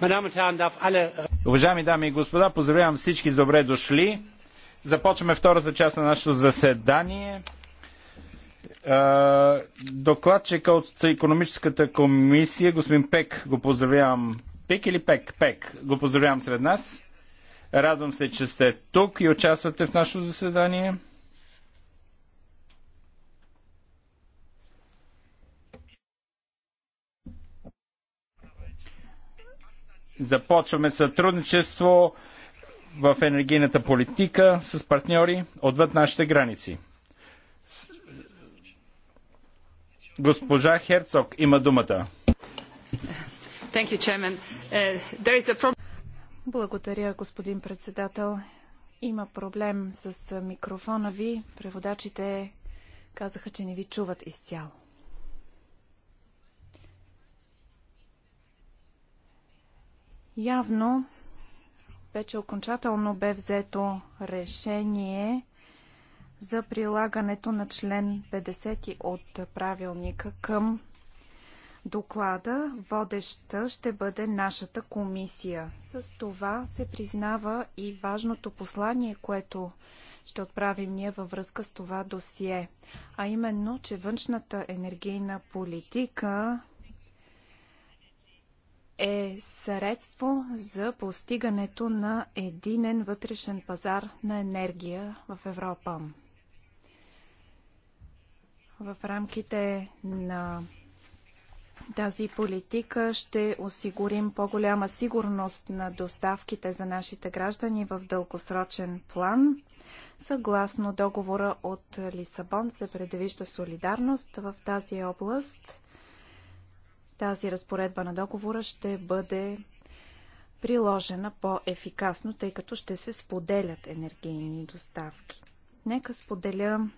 Äh, Уважаеми дами и господа, поздравявам всички с добре дошли. Започваме втората част на нашето заседание. Е, докладчика от економическата комисия, господин Пек, го поздравявам. Пек или Пек? Пек. Го поздравявам сред нас. Радвам се, че сте тук и участвате в нашето заседание. Започваме сътрудничество в енергийната политика с партньори отвъд нашите граници. Госпожа Херцог има думата. Uh, Благодаря, господин председател. Има проблем с микрофона ви. Преводачите казаха, че не ви чуват изцяло. Явно вече окончателно бе взето решение за прилагането на член 50 от правилника към доклада. Водеща ще бъде нашата комисия. С това се признава и важното послание, което ще отправим ние във връзка с това досие, а именно, че външната енергийна политика е средство за постигането на единен вътрешен пазар на енергия в Европа. В рамките на тази политика ще осигурим по-голяма сигурност на доставките за нашите граждани в дългосрочен план. Съгласно договора от Лисабон се предвижда солидарност в тази област – тази разпоредба на договора ще бъде приложена по-ефикасно, тъй като ще се споделят енергийни доставки. Нека споделя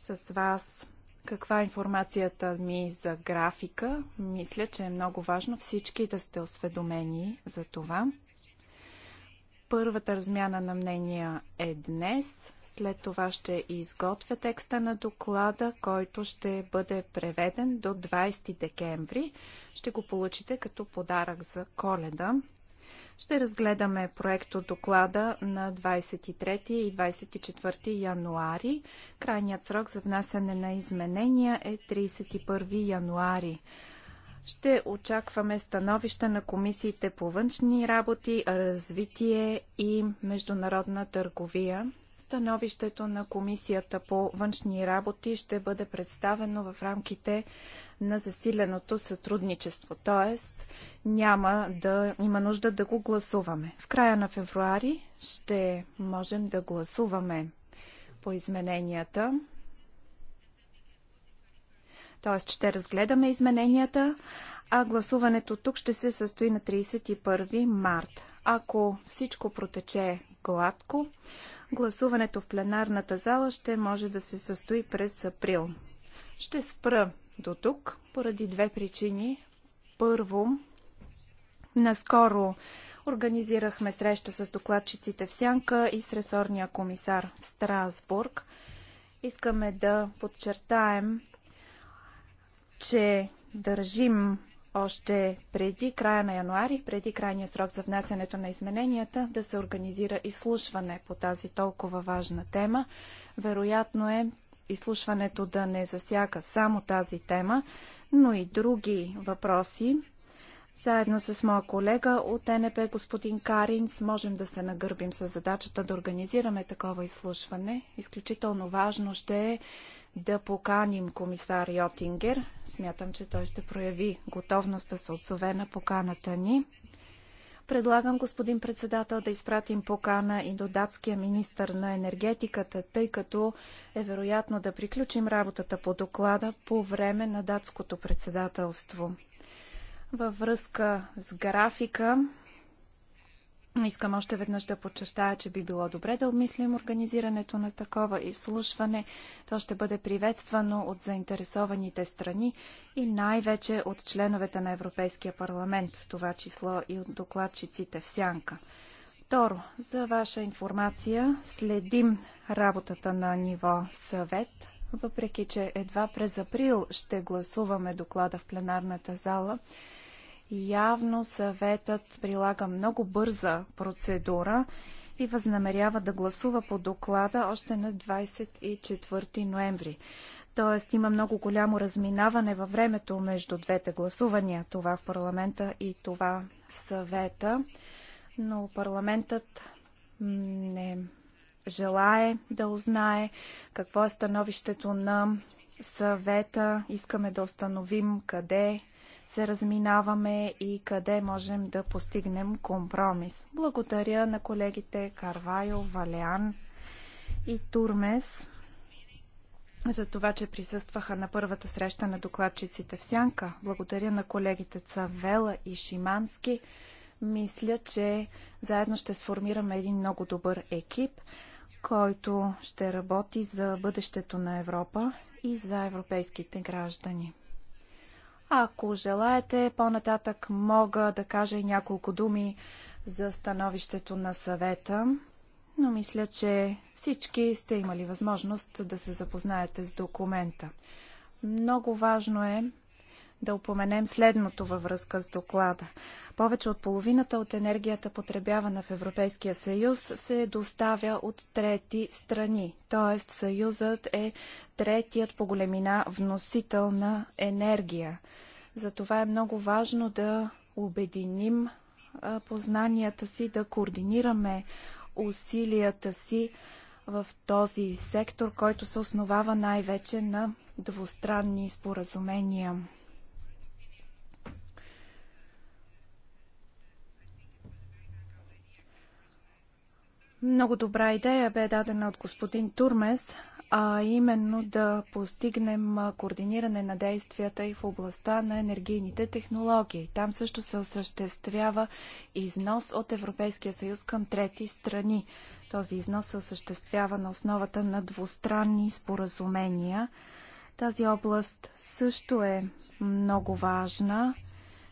с вас каква е информацията ми за графика. Мисля, че е много важно всички да сте осведомени за това. Първата размяна на мнения е днес. След това ще изготвя текста на доклада, който ще бъде преведен до 20 декември. Ще го получите като подарък за коледа. Ще разгледаме проекто доклада на 23 и 24 януари. Крайният срок за внасяне на изменения е 31 януари. Ще очакваме становища на комисиите по външни работи, развитие и международна търговия. Становището на Комисията по външни работи ще бъде представено в рамките на засиленото сътрудничество, т.е. няма да има нужда да го гласуваме. В края на февруари ще можем да гласуваме по измененията. Т.е. ще разгледаме измененията, а гласуването тук ще се състои на 31 март. Ако всичко протече гладко, Гласуването в пленарната зала ще може да се състои през април. Ще спра до тук поради две причини. Първо, наскоро организирахме среща с докладчиците в Сянка и с ресорния комисар в Страсбург. Искаме да подчертаем, че държим още преди края на януари, преди крайния срок за внасянето на измененията, да се организира изслушване по тази толкова важна тема. Вероятно е изслушването да не засяга само тази тема, но и други въпроси. Заедно с моя колега от НП господин Каринс можем да се нагърбим с задачата да организираме такова изслушване. Изключително важно ще е да поканим комисар Йотингер. Смятам, че той ще прояви готовност да се отзове на поканата ни. Предлагам, господин председател, да изпратим покана и до датския министр на енергетиката, тъй като е вероятно да приключим работата по доклада по време на датското председателство. Във връзка с графика, Искам още веднъж да подчертая, че би било добре да обмислим организирането на такова изслушване. То ще бъде приветствано от заинтересованите страни и най-вече от членовете на Европейския парламент, в това число и от докладчиците в Сянка. Второ, за ваша информация следим работата на ниво съвет, въпреки че едва през април ще гласуваме доклада в пленарната зала. Явно съветът прилага много бърза процедура и възнамерява да гласува по доклада още на 24 ноември. Тоест има много голямо разминаване във времето между двете гласувания, това в парламента и това в съвета, но парламентът не желае да узнае какво е становището на съвета. Искаме да установим къде се разминаваме и къде можем да постигнем компромис. Благодаря на колегите Карвайо, Валян и Турмес за това, че присъстваха на първата среща на докладчиците в Сянка. Благодаря на колегите Цавела и Шимански. Мисля, че заедно ще сформираме един много добър екип, който ще работи за бъдещето на Европа и за европейските граждани. Ако желаете, по-нататък мога да кажа и няколко думи за становището на съвета, но мисля, че всички сте имали възможност да се запознаете с документа. Много важно е да упоменем следното във връзка с доклада. Повече от половината от енергията потребявана в Европейския съюз се доставя от трети страни, т.е. съюзът е третият по големина вносител на енергия. Затова е много важно да обединим познанията си, да координираме усилията си в този сектор, който се основава най-вече на двустранни споразумения. Много добра идея бе дадена от господин Турмес, а именно да постигнем координиране на действията и в областта на енергийните технологии. Там също се осъществява износ от Европейския съюз към трети страни. Този износ се осъществява на основата на двустранни споразумения. Тази област също е много важна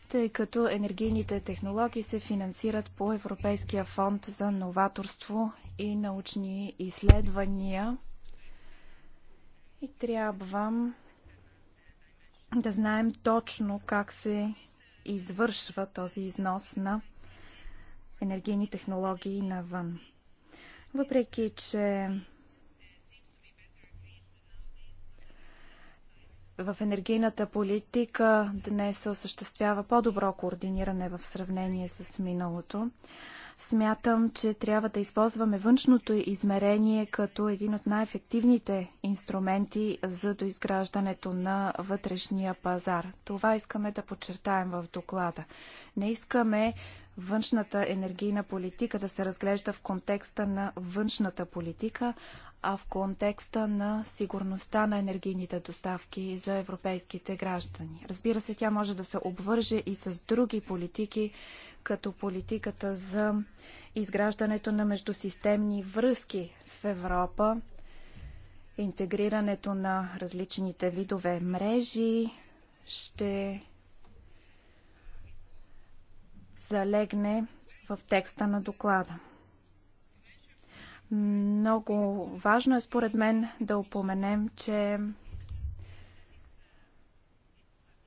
тъй като енергийните технологии се финансират по Европейския фонд за новаторство и научни изследвания. И трябва да знаем точно как се извършва този износ на енергийни технологии навън. Въпреки, че в енергийната политика днес се осъществява по-добро координиране в сравнение с миналото. Смятам, че трябва да използваме външното измерение като един от най-ефективните инструменти за доизграждането на вътрешния пазар. Това искаме да подчертаем в доклада. Не искаме външната енергийна политика да се разглежда в контекста на външната политика, а в контекста на сигурността на енергийните доставки за европейските граждани. Разбира се, тя може да се обвърже и с други политики, като политиката за изграждането на междусистемни връзки в Европа, интегрирането на различните видове мрежи ще залегне в текста на доклада. Много важно е според мен да упоменем, че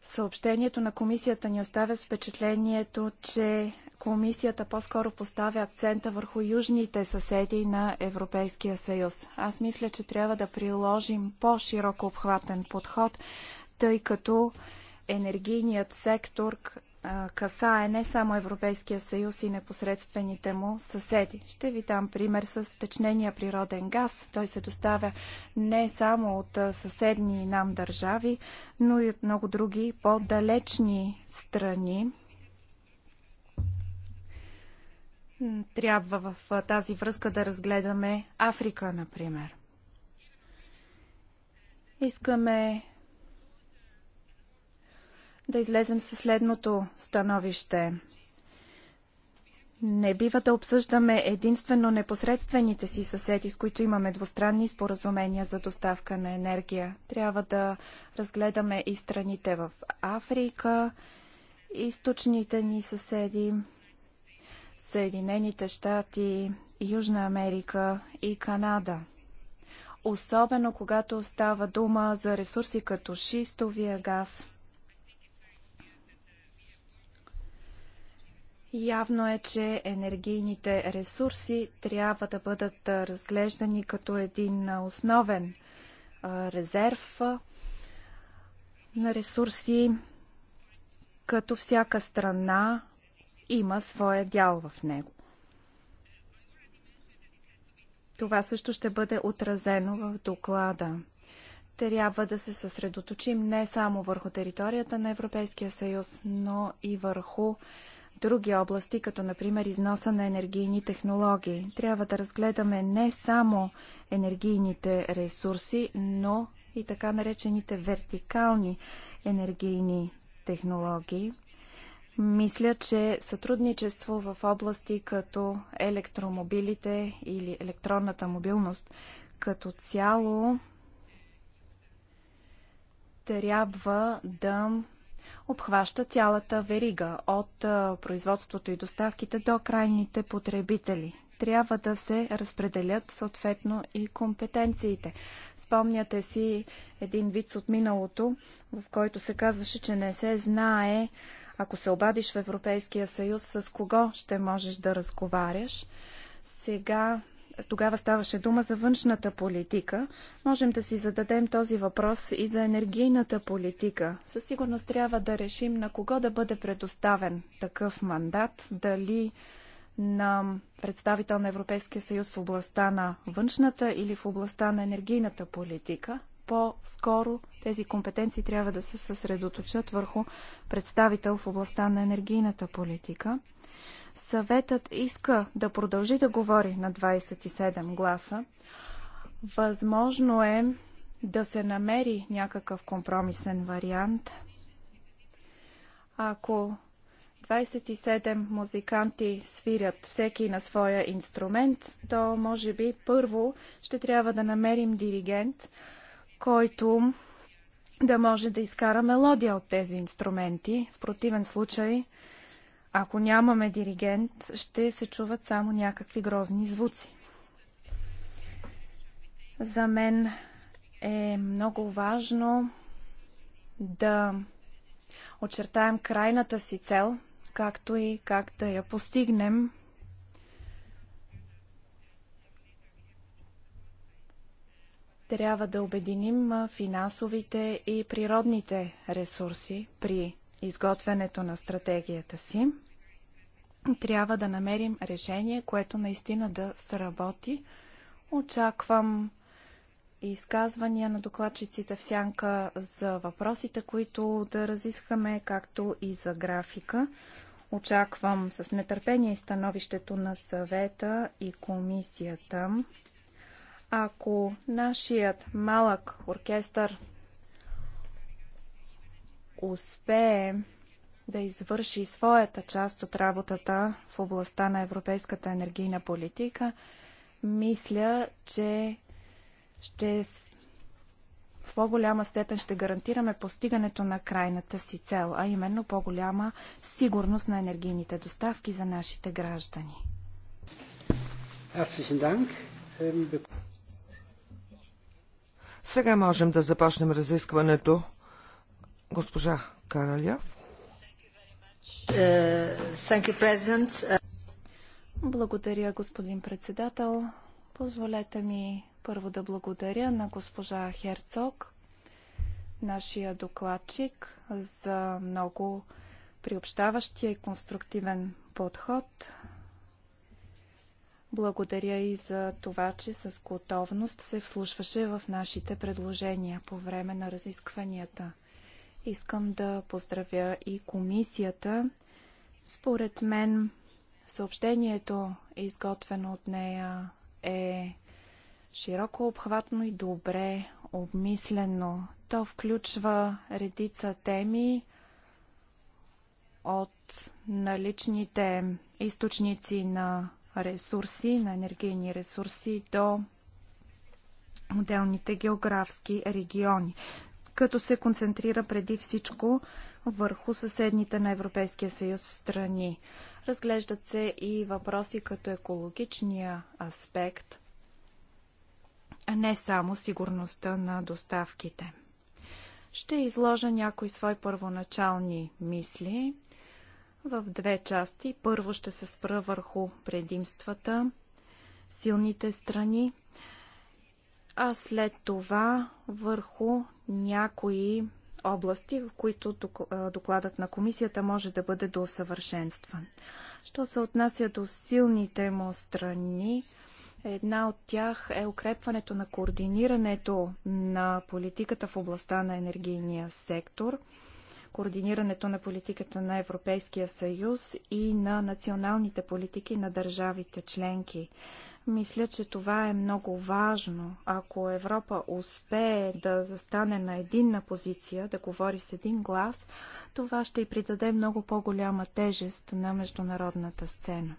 съобщението на комисията ни оставя с впечатлението, че комисията по-скоро поставя акцента върху южните съседи на Европейския съюз. Аз мисля, че трябва да приложим по-широко обхватен подход, тъй като енергийният сектор касае не само Европейския съюз и непосредствените му съседи. Ще ви дам пример с течнения природен газ. Той се доставя не само от съседни нам държави, но и от много други по-далечни страни. Трябва в тази връзка да разгледаме Африка, например. Искаме да излезем със следното становище. Не бива да обсъждаме единствено непосредствените си съседи, с които имаме двустранни споразумения за доставка на енергия. Трябва да разгледаме и страните в Африка, източните ни съседи, Съединените щати, Южна Америка и Канада. Особено когато става дума за ресурси като шистовия газ – Явно е, че енергийните ресурси трябва да бъдат разглеждани като един основен резерв на ресурси, като всяка страна има своя дял в него. Това също ще бъде отразено в доклада. Трябва да се съсредоточим не само върху територията на Европейския съюз, но и върху други области, като например износа на енергийни технологии. Трябва да разгледаме не само енергийните ресурси, но и така наречените вертикални енергийни технологии. Мисля, че сътрудничество в области като електромобилите или електронната мобилност като цяло трябва да обхваща цялата верига от производството и доставките до крайните потребители. Трябва да се разпределят съответно и компетенциите. Спомняте си един вид от миналото, в който се казваше, че не се знае ако се обадиш в Европейския съюз, с кого ще можеш да разговаряш. Сега тогава ставаше дума за външната политика. Можем да си зададем този въпрос и за енергийната политика. Със сигурност трябва да решим на кого да бъде предоставен такъв мандат, дали на представител на Европейския съюз в областта на външната или в областта на енергийната политика. По-скоро тези компетенции трябва да се съсредоточат върху представител в областта на енергийната политика. Съветът иска да продължи да говори на 27 гласа. Възможно е да се намери някакъв компромисен вариант. Ако 27 музиканти свирят всеки на своя инструмент, то може би първо ще трябва да намерим диригент, който да може да изкара мелодия от тези инструменти. В противен случай ако нямаме диригент, ще се чуват само някакви грозни звуци. За мен е много важно да очертаем крайната си цел, както и как да я постигнем. Трябва да обединим финансовите и природните ресурси при изготвянето на стратегията си, трябва да намерим решение, което наистина да сработи. Очаквам изказвания на докладчиците в сянка за въпросите, които да разискаме, както и за графика. Очаквам с нетърпение становището на съвета и комисията. Ако нашият малък оркестър успее да извърши своята част от работата в областта на европейската енергийна политика, мисля, че ще в по-голяма степен ще гарантираме постигането на крайната си цел, а именно по-голяма сигурност на енергийните доставки за нашите граждани. Сега можем да започнем разискването. Госпожа е, Благодаря, господин председател. Позволете ми първо да благодаря на госпожа Херцог, нашия докладчик, за много приобщаващия и конструктивен подход. Благодаря и за това, че с готовност се вслушваше в нашите предложения по време на разискванията. Искам да поздравя и комисията. Според мен съобщението, изготвено от нея, е широко обхватно и добре обмислено. То включва редица теми от наличните източници на ресурси, на енергийни ресурси до отделните географски региони като се концентрира преди всичко върху съседните на Европейския съюз страни. Разглеждат се и въпроси като екологичния аспект, а не само сигурността на доставките. Ще изложа някои свои първоначални мисли в две части. Първо ще се спра върху предимствата, силните страни а след това върху някои области, в които докладът на комисията може да бъде доусъвършенстван. Що се отнася до силните му страни, една от тях е укрепването на координирането на политиката в областта на енергийния сектор, координирането на политиката на Европейския съюз и на националните политики на държавите членки. Мисля, че това е много важно. Ако Европа успее да застане на единна позиция, да говори с един глас, това ще й придаде много по-голяма тежест на международната сцена.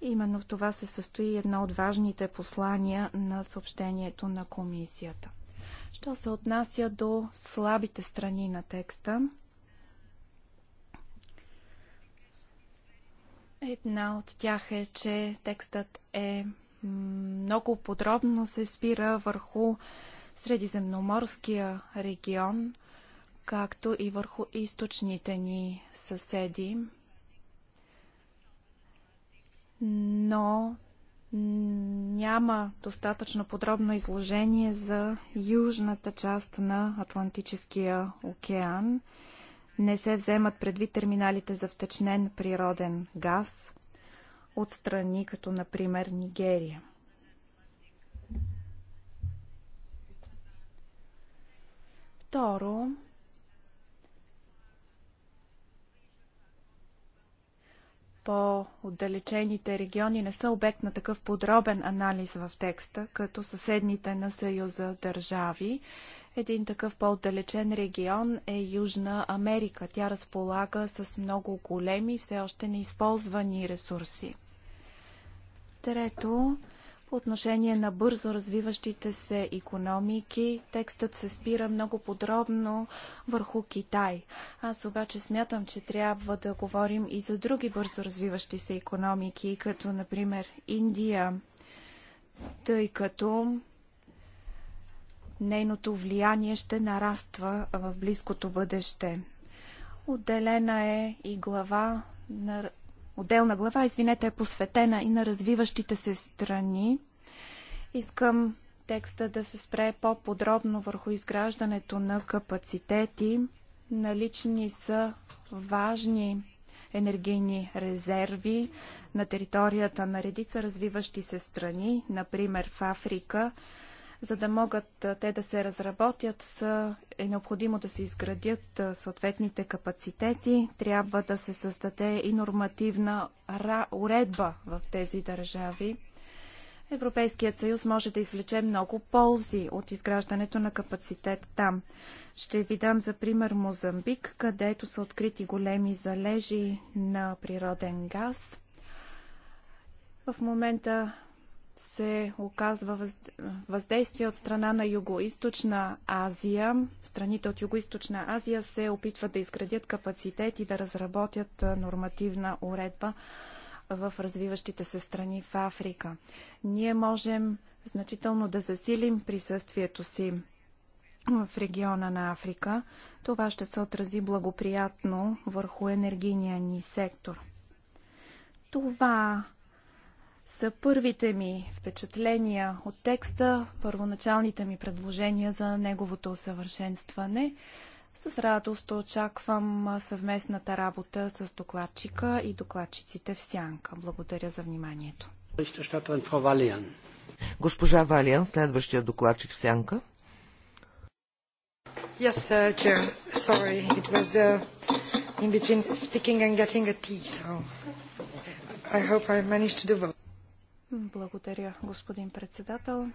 Именно в това се състои едно от важните послания на съобщението на комисията. Що се отнася до слабите страни на текста, Една от тях е, че текстът е много подробно се спира върху Средиземноморския регион, както и върху източните ни съседи. Но няма достатъчно подробно изложение за южната част на Атлантическия океан – не се вземат предвид терминалите за втечнен природен газ от страни като например Нигерия. Второ, по-отдалечените региони не са обект на такъв подробен анализ в текста, като съседните на Съюза държави. Един такъв по-отдалечен регион е Южна Америка. Тя разполага с много големи, все още неизползвани ресурси. Трето, по отношение на бързо развиващите се економики, текстът се спира много подробно върху Китай. Аз обаче смятам, че трябва да говорим и за други бързо развиващи се економики, като например Индия, тъй като нейното влияние ще нараства в близкото бъдеще. Отделена е и глава на отделна глава, извинете, е посветена и на развиващите се страни. Искам текста да се спре по-подробно върху изграждането на капацитети. Налични са важни енергийни резерви на територията на редица развиващи се страни, например в Африка, за да могат те да се разработят, е необходимо да се изградят съответните капацитети. Трябва да се създаде и нормативна уредба в тези държави. Европейският съюз може да извлече много ползи от изграждането на капацитет там. Ще ви дам за пример Мозамбик, където са открити големи залежи на природен газ. В момента се оказва въздействие от страна на Юго-Источна Азия. Страните от Юго-Източна Азия се опитват да изградят капацитет и да разработят нормативна уредба в развиващите се страни в Африка. Ние можем значително да засилим присъствието си в региона на Африка. Това ще се отрази благоприятно върху енергийния ни сектор. Това са първите ми впечатления от текста, първоначалните ми предложения за неговото усъвършенстване. С радост очаквам съвместната работа с докладчика и докладчиците в Сянка. Благодаря за вниманието. Госпожа Валиан, следващия докладчик в Сянка. Yes, uh, Chair. Sorry, it was uh, in between speaking and getting a tea, so I hope I managed to do both. Благодаря, господин председател.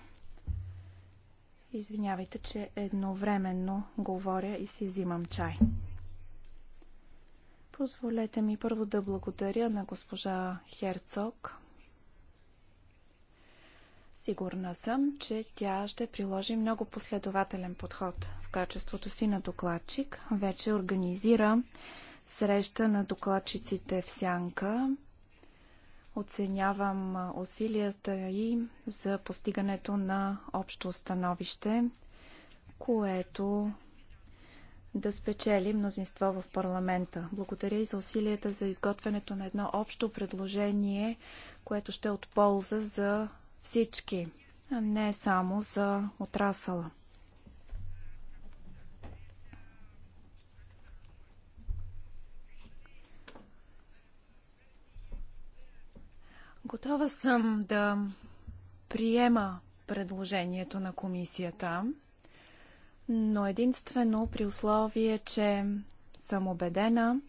Извинявайте, че едновременно говоря и си взимам чай. Позволете ми първо да благодаря на госпожа Херцог. Сигурна съм, че тя ще приложи много последователен подход. В качеството си на докладчик вече организира среща на докладчиците в Сянка Оценявам усилията и за постигането на общо становище, което да спечели мнозинство в парламента. Благодаря и за усилията за изготвянето на едно общо предложение, което ще е от полза за всички, а не само за отрасъла. Готова съм да приема предложението на комисията, но единствено при условие, че съм убедена,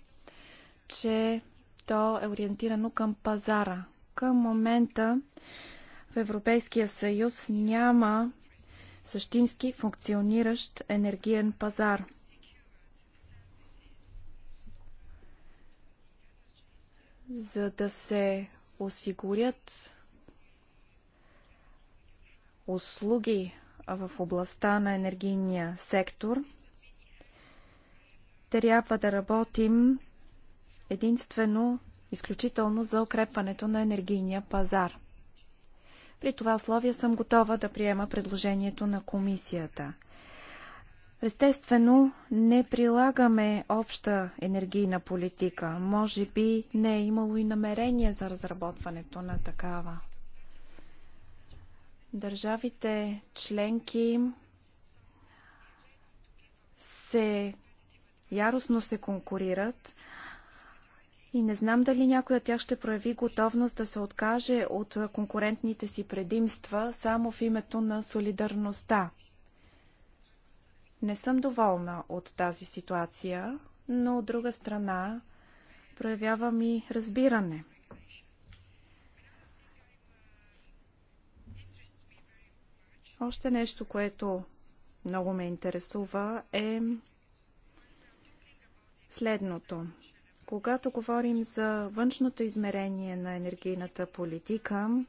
че то е ориентирано към пазара. Към момента в Европейския съюз няма същински функциониращ енергиен пазар. За да се осигурят услуги в областта на енергийния сектор, трябва да работим единствено изключително за укрепването на енергийния пазар. При това условие съм готова да приема предложението на комисията. Естествено, не прилагаме обща енергийна политика. Може би не е имало и намерение за разработването на такава. Държавите членки се яростно се конкурират и не знам дали някой от тях ще прояви готовност да се откаже от конкурентните си предимства само в името на солидарността. Не съм доволна от тази ситуация, но от друга страна проявявам и разбиране. Още нещо, което много ме интересува е следното. Когато говорим за външното измерение на енергийната политика,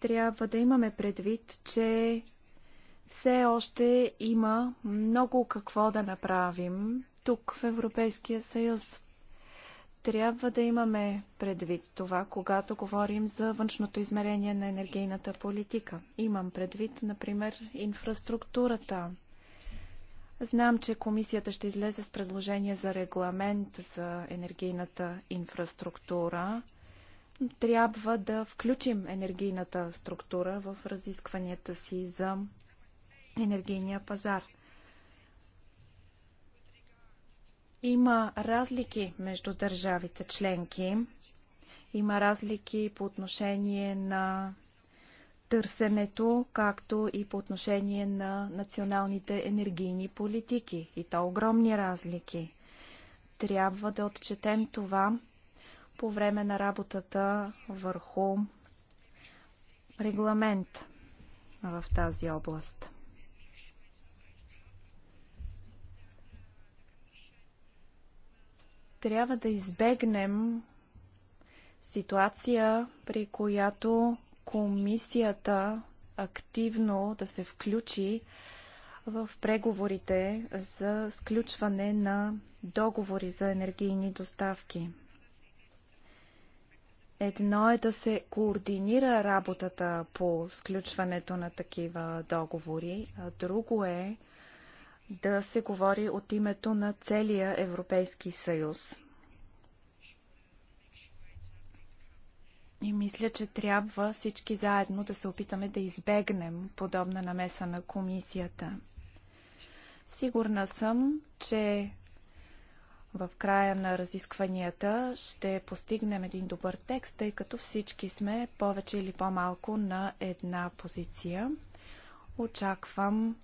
трябва да имаме предвид, че все още има много какво да направим тук в Европейския съюз. Трябва да имаме предвид това, когато говорим за външното измерение на енергийната политика. Имам предвид, например, инфраструктурата. Знам, че комисията ще излезе с предложение за регламент за енергийната инфраструктура. Трябва да включим енергийната структура в разискванията си за енергийния пазар. Има разлики между държавите членки. Има разлики по отношение на търсенето, както и по отношение на националните енергийни политики. И то огромни разлики. Трябва да отчетем това по време на работата върху регламент в тази област. трябва да избегнем ситуация, при която комисията активно да се включи в преговорите за сключване на договори за енергийни доставки. Едно е да се координира работата по сключването на такива договори, а друго е да се говори от името на целия Европейски съюз. И мисля, че трябва всички заедно да се опитаме да избегнем подобна намеса на комисията. Сигурна съм, че в края на разискванията ще постигнем един добър текст, тъй като всички сме повече или по-малко на една позиция. Очаквам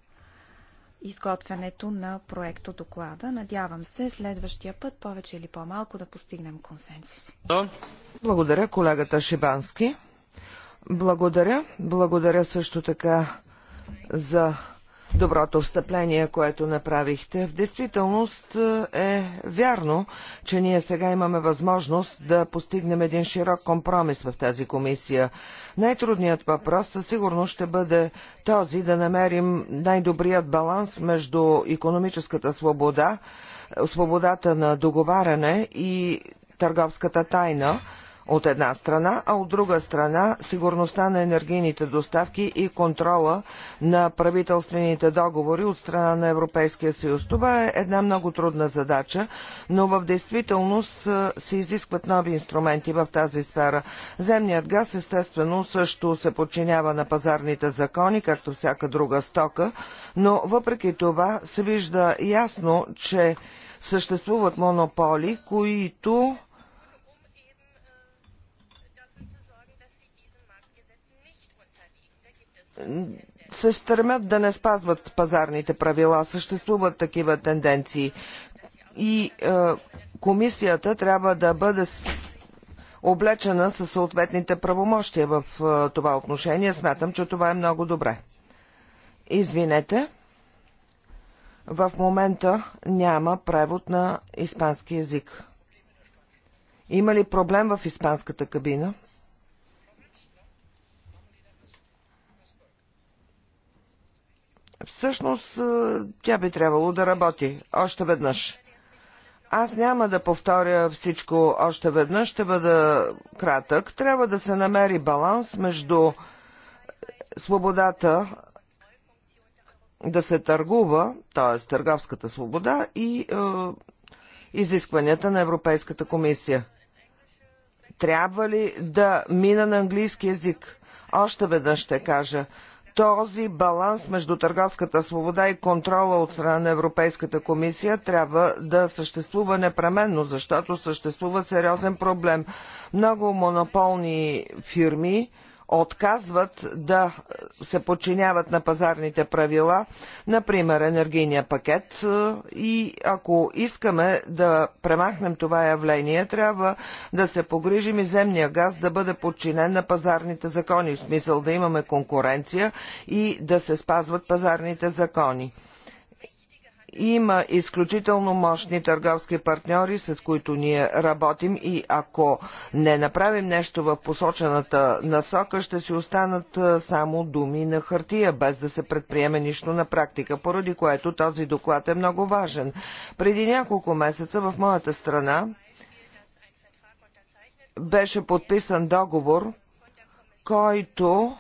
изготвянето на проекто доклада. Надявам се следващия път повече или по-малко да постигнем консенсус. Благодаря колегата Шибански. Благодаря. Благодаря също така за доброто встъпление, което направихте. В действителност е, е вярно, че ние сега имаме възможност да постигнем един широк компромис в тази комисия. Най-трудният въпрос със сигурност ще бъде този да намерим най-добрият баланс между економическата свобода, свободата на договаряне и търговската тайна – от една страна, а от друга страна сигурността на енергийните доставки и контрола на правителствените договори от страна на Европейския съюз. Това е една много трудна задача, но в действителност се изискват нови инструменти в тази сфера. Земният газ естествено също се подчинява на пазарните закони, както всяка друга стока, но въпреки това се вижда ясно, че съществуват монополи, които се стремят да не спазват пазарните правила. Съществуват такива тенденции. И е, комисията трябва да бъде облечена със съответните правомощия в е, това отношение. Смятам, че това е много добре. Извинете, в момента няма превод на испански язик. Има ли проблем в испанската кабина? Всъщност е, тя би трябвало да работи още веднъж. Аз няма да повторя всичко още веднъж, ще бъда кратък. Трябва да се намери баланс между свободата да се търгува, т.е. търговската свобода и е, изискванията на Европейската комисия. Трябва ли да мина на английски язик? Още веднъж ще кажа този баланс между търговската свобода и контрола от страна на Европейската комисия трябва да съществува непременно, защото съществува сериозен проблем. Много монополни фирми отказват да се подчиняват на пазарните правила, например енергийния пакет. И ако искаме да премахнем това явление, трябва да се погрижим и земния газ да бъде подчинен на пазарните закони, в смисъл да имаме конкуренция и да се спазват пазарните закони. Има изключително мощни търговски партньори, с които ние работим и ако не направим нещо в посочената насока, ще си останат само думи на хартия, без да се предприеме нищо на практика, поради което този доклад е много важен. Преди няколко месеца в моята страна беше подписан договор, който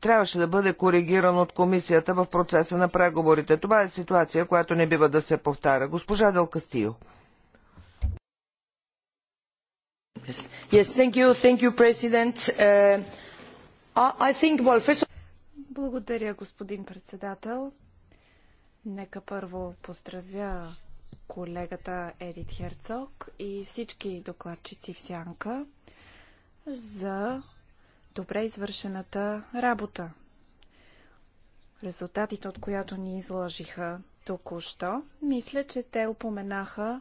трябваше да бъде коригиран от комисията в процеса на преговорите. Това е ситуация, която не бива да се повтаря. Госпожа Дел Кастио. Благодаря, господин председател. Нека първо поздравя колегата Едит Херцог и всички докладчици в Сянка за добре извършената работа, резултатите от която ни изложиха току-що. Мисля, че те упоменаха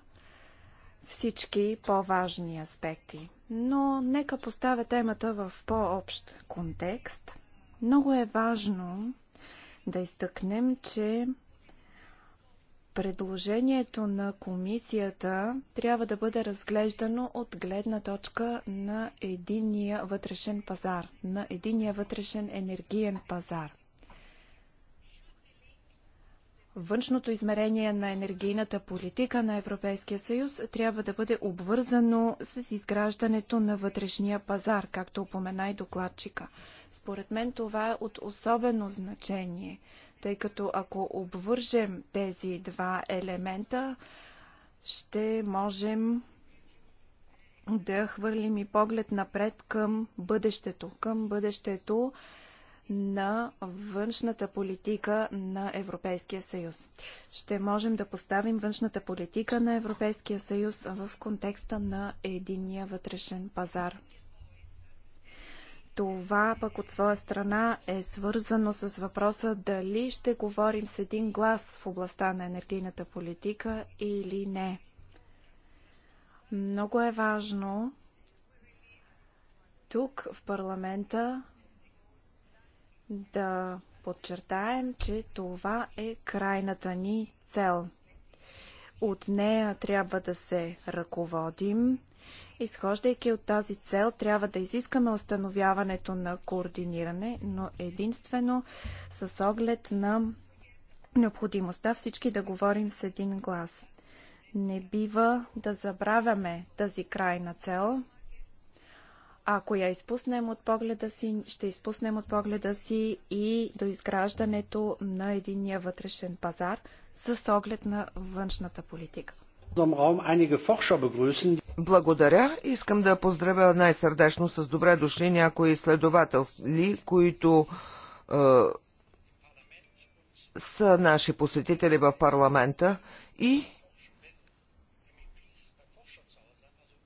всички по-важни аспекти. Но нека поставя темата в по-общ контекст. Много е важно да изтъкнем, че предложението на комисията трябва да бъде разглеждано от гледна точка на единия вътрешен пазар, на единия вътрешен енергиен пазар. Външното измерение на енергийната политика на Европейския съюз трябва да бъде обвързано с изграждането на вътрешния пазар, както упомена и докладчика. Според мен това е от особено значение – тъй като ако обвържем тези два елемента, ще можем да хвърлим и поглед напред към бъдещето, към бъдещето на външната политика на Европейския съюз. Ще можем да поставим външната политика на Европейския съюз в контекста на единния вътрешен пазар. Това пък от своя страна е свързано с въпроса дали ще говорим с един глас в областта на енергийната политика или не. Много е важно тук в парламента да подчертаем, че това е крайната ни цел. От нея трябва да се ръководим. Изхождайки от тази цел, трябва да изискаме установяването на координиране, но единствено с оглед на необходимостта всички да говорим с един глас. Не бива да забравяме тази крайна цел. Ако я изпуснем от погледа си, ще изпуснем от погледа си и до изграждането на единния вътрешен пазар с оглед на външната политика. Благодаря. Искам да поздравя най-сърдечно с добре дошли някои изследователи, които е, са наши посетители в парламента и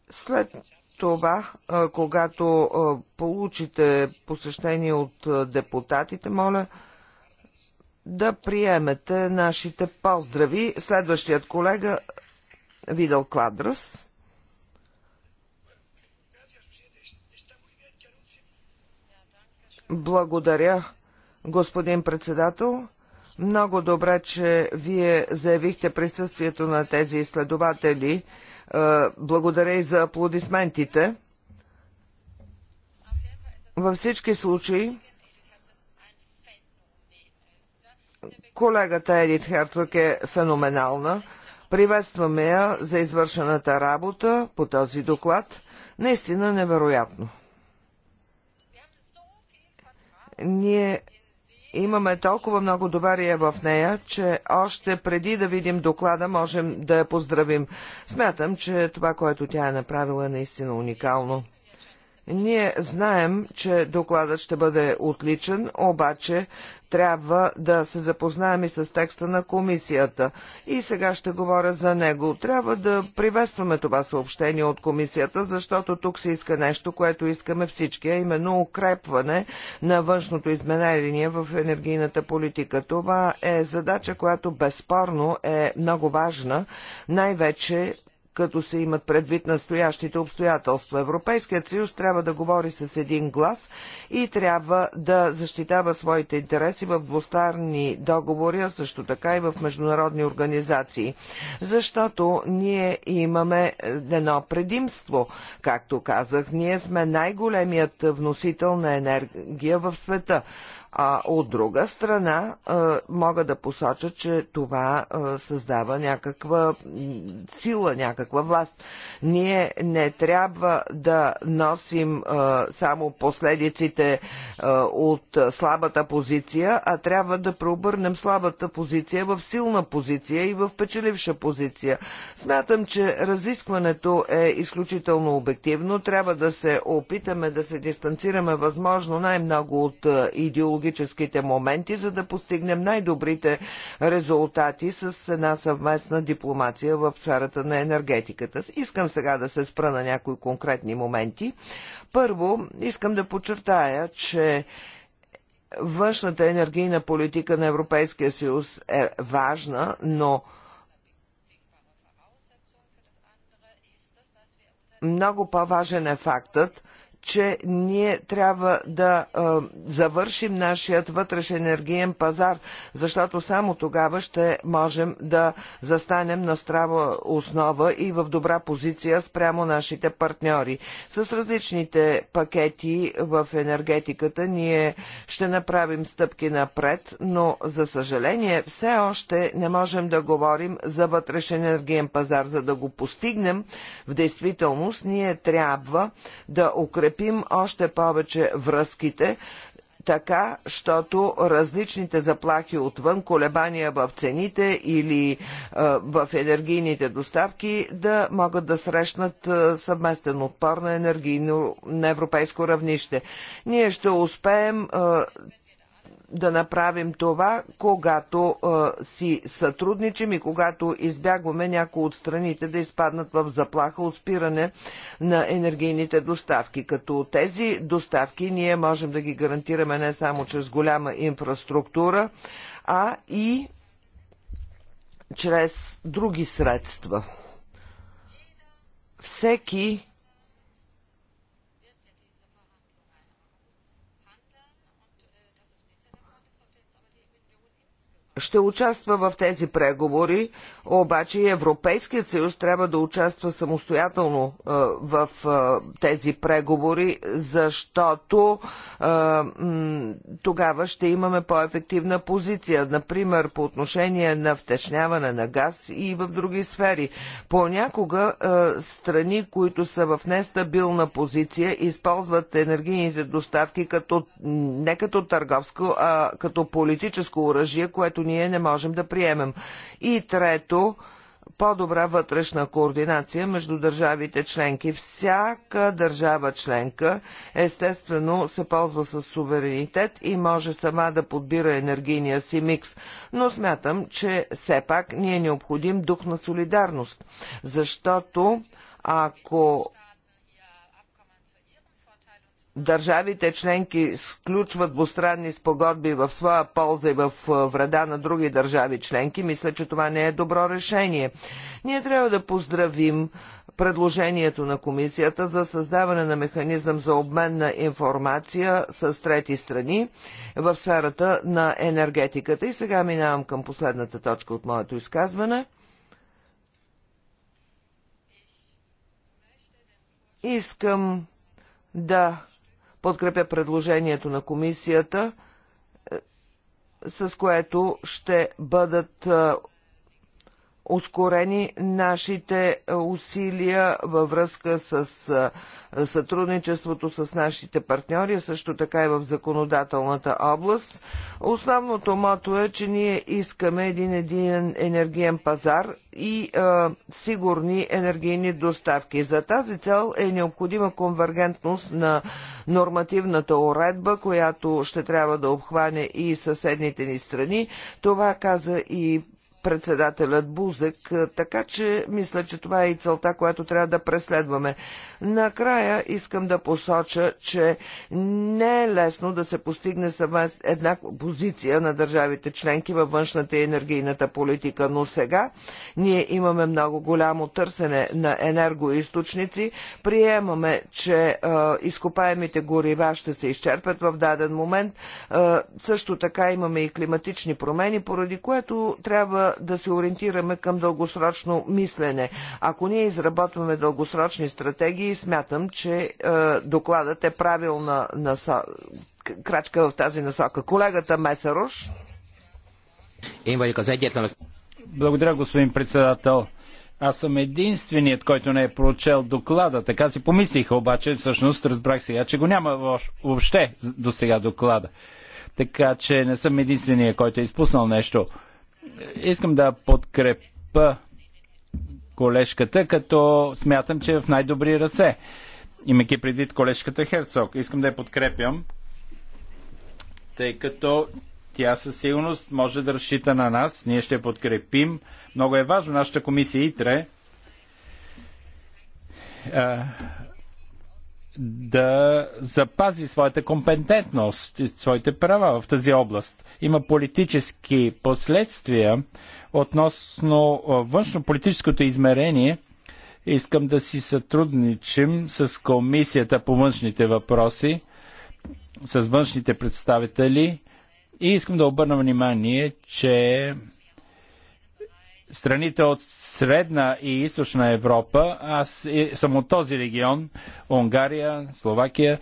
след това, е, когато е, получите посещение от е, депутатите, моля да приемете нашите поздрави. Следващият колега Видал Квадрас. Благодаря, господин председател. Много добре, че вие заявихте присъствието на тези изследователи. Е, благодаря и за аплодисментите. Във всички случаи, колегата Едит Хертвък е феноменална. Приветстваме я за извършената работа по този доклад. Наистина невероятно. Ние имаме толкова много доверие в нея, че още преди да видим доклада можем да я поздравим. Смятам, че това, което тя е направила е наистина уникално. Ние знаем, че докладът ще бъде отличен, обаче трябва да се запознаем и с текста на комисията. И сега ще говоря за него. Трябва да приветстваме това съобщение от комисията, защото тук се иска нещо, което искаме всички, а именно укрепване на външното изменение в енергийната политика. Това е задача, която безспорно е много важна, най-вече като се имат предвид настоящите обстоятелства. Европейският съюз трябва да говори с един глас и трябва да защитава своите интереси в двустранни договори, а също така и в международни организации. Защото ние имаме едно предимство. Както казах, ние сме най-големият вносител на енергия в света. А от друга страна, мога да посоча, че това създава някаква сила, някаква власт. Ние не трябва да носим само последиците от слабата позиция, а трябва да преобърнем слабата позиция в силна позиция и в печеливша позиция. Смятам, че разискването е изключително обективно. Трябва да се опитаме да се дистанцираме възможно най-много от идеологията идеологическите моменти, за да постигнем най-добрите резултати с една съвместна дипломация в сферата на енергетиката. Искам сега да се спра на някои конкретни моменти. Първо, искам да подчертая, че външната енергийна политика на Европейския съюз е важна, но много по-важен е фактът, че ние трябва да а, завършим нашият вътрешен енергиен пазар, защото само тогава ще можем да застанем на страва основа и в добра позиция спрямо нашите партньори. С различните пакети в енергетиката ние ще направим стъпки напред, но за съжаление все още не можем да говорим за вътрешен енергиен пазар. За да го постигнем, в действителност ние трябва да укрепим укрепим още повече връзките, така, щото различните заплахи отвън, колебания в цените или е, в енергийните доставки да могат да срещнат е, съвместен отпор на енергийно на европейско равнище. Ние ще успеем е, да направим това, когато си сътрудничим и когато избягваме някои от страните да изпаднат в заплаха от спиране на енергийните доставки. Като тези доставки ние можем да ги гарантираме не само чрез голяма инфраструктура, а и чрез други средства. Всеки ще участва в тези преговори, обаче и Европейският съюз трябва да участва самостоятелно е, в е, тези преговори, защото е, тогава ще имаме по-ефективна позиция, например по отношение на втечняване на газ и в други сфери. Понякога страни, които са в нестабилна позиция, използват енергийните доставки като, не като търговско, а като политическо оръжие, което ние не можем да приемем. И трето, по-добра вътрешна координация между държавите членки. Всяка държава членка естествено се ползва с суверенитет и може сама да подбира енергийния си микс, но смятам, че все пак ни е необходим дух на солидарност, защото ако държавите членки сключват двустранни спогодби в своя полза и в вреда на други държави членки, мисля, че това не е добро решение. Ние трябва да поздравим предложението на комисията за създаване на механизъм за обмен на информация с трети страни в сферата на енергетиката. И сега минавам към последната точка от моето изказване. Искам да подкрепя предложението на комисията, е, с което ще бъдат е, ускорени нашите е, усилия във връзка с сътрудничеството с нашите партньори, също така и в законодателната област. Основното мото е, че ние искаме един един енергиен пазар и а, е, сигурни енергийни доставки. За тази цел е необходима конвергентност на нормативната уредба, която ще трябва да обхване и съседните ни страни. Това каза и председателят Бузек, така че мисля, че това е и целта, която трябва да преследваме. Накрая искам да посоча, че не е лесно да се постигне една позиция на държавите членки във външната и енергийната политика, но сега ние имаме много голямо търсене на енергоисточници. Приемаме, че е, изкопаемите горива ще се изчерпят в даден момент. Е, също така имаме и климатични промени, поради което трябва да се ориентираме към дългосрочно мислене. Ако ние изработваме дългосрочни стратегии, смятам, че е, докладът е правилна наса... крачка в тази насока. Колегата Месарош. Благодаря, господин председател. Аз съм единственият, който не е прочел доклада. Така си помислих, обаче всъщност разбрах сега, че го няма въобще до сега доклада. Така че не съм единственият, който е изпуснал нещо. Искам да подкрепа колежката, като смятам, че е в най-добри ръце. Имайки предвид колежката Херцог. Искам да я подкрепям, тъй като тя със сигурност може да разчита на нас. Ние ще подкрепим. Много е важно нашата комисия ИТРЕ да запази своята компетентност и своите права в тази област. Има политически последствия Относно външно-политическото измерение, искам да си сътрудничим с Комисията по външните въпроси, с външните представители и искам да обърна внимание, че страните от Средна и Източна Европа, аз съм от този регион, Унгария, Словакия,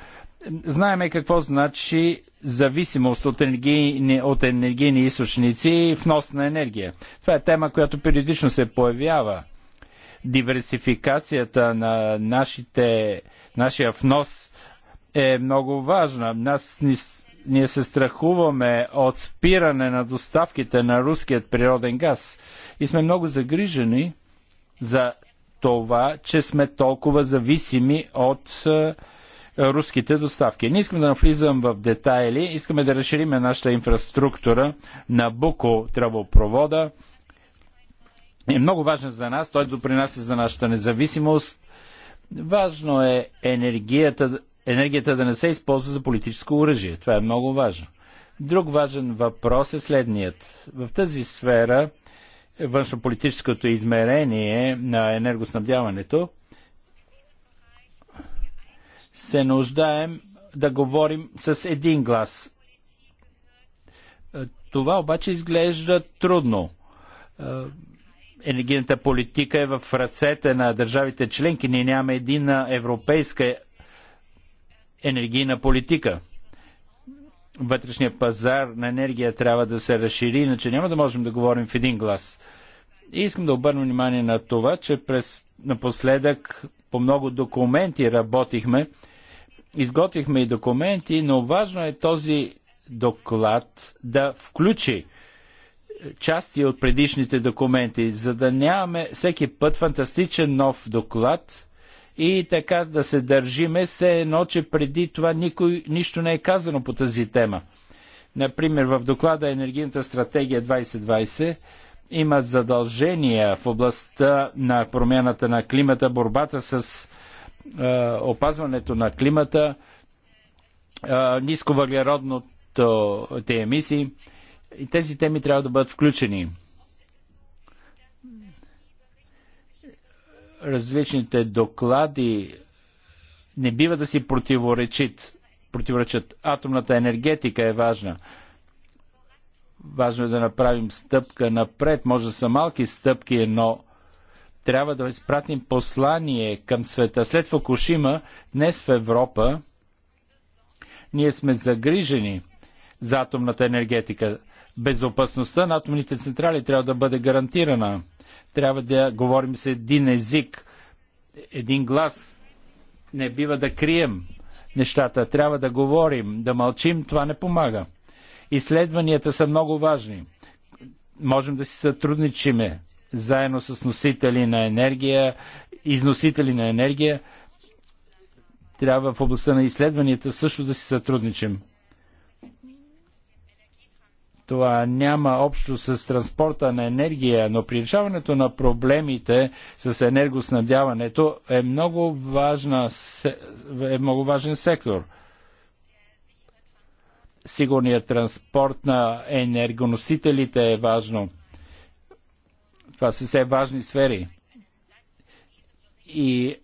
знаеме какво значи зависимост от енергийни, от енергийни източници и внос на енергия. Това е тема, която периодично се появява. Диверсификацията на нашите, нашия внос е много важна. Нас ни, ние се страхуваме от спиране на доставките на руският природен газ и сме много загрижени за това, че сме толкова зависими от е, е, руските доставки. Не искам да навлизам в детайли, искаме да разшириме нашата инфраструктура на Буко тръбопровода. Е много важен за нас, той допринася за нашата независимост. Важно е енергията, енергията да не се използва за политическо оръжие. Това е много важно. Друг важен въпрос е следният. В тази сфера външнополитическото измерение на енергоснабдяването се нуждаем да говорим с един глас. Е, това обаче изглежда трудно. Е, енергийната политика е в ръцете на държавите членки. Ние нямаме единна европейска енергийна политика. Вътрешният пазар на енергия трябва да се разшири, иначе няма да можем да говорим в един глас. И искам да обърна внимание на това, че през напоследък по много документи работихме. Изготвихме и документи, но важно е този доклад да включи части от предишните документи, за да нямаме всеки път фантастичен нов доклад и така да се държиме, все едно, че преди това никой, нищо не е казано по тази тема. Например, в доклада Енергийната стратегия 2020 има задължения в областта на промяната на климата, борбата с опазването на климата, е, нисковъглеродното те емисии. И тези теми трябва да бъдат включени. Различните доклади не бива да си противоречат. противоречат. Атомната енергетика е важна. Важно е да направим стъпка напред. Може да са малки стъпки, но трябва да изпратим послание към света. След Фукушима, днес в Европа, ние сме загрижени за атомната енергетика. Безопасността на атомните централи трябва да бъде гарантирана. Трябва да говорим с един език, един глас. Не бива да крием нещата. Трябва да говорим, да мълчим. Това не помага. Изследванията са много важни. Можем да си сътрудничиме заедно с носители на енергия, износители на енергия. Трябва в областта на изследванията също да си сътрудничим. Това няма общо с транспорта на енергия, но при решаването на проблемите с енергоснабдяването е много, важна, е много важен сектор – сигурният транспорт на енергоносителите е важно. Това са все важни сфери. И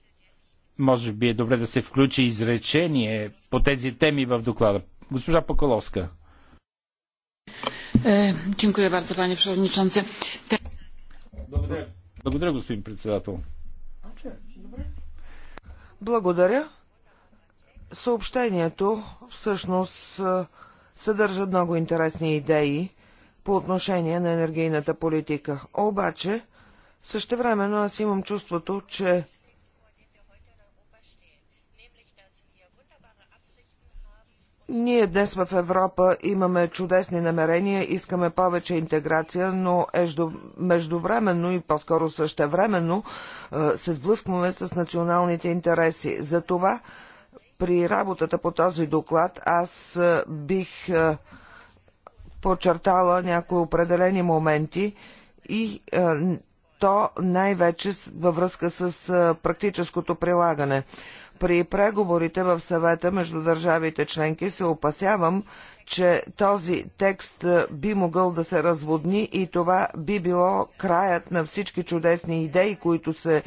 може би е добре да се включи изречение по тези теми в доклада. Госпожа Поколовска. Е, bardzo, Благодаря. Благодаря, господин председател. Благодаря. Съобщението всъщност е, съдържа много интересни идеи по отношение на енергийната политика. Обаче, същевременно аз имам чувството, че Ние днес в Европа имаме чудесни намерения, искаме повече интеграция, но междувременно и по-скоро същевременно се сблъскваме с националните интереси. За това при работата по този доклад аз бих подчертала някои определени моменти и то най-вече във връзка с практическото прилагане. При преговорите в съвета между държавите членки се опасявам, че този текст би могъл да се разводни и това би било краят на всички чудесни идеи, които се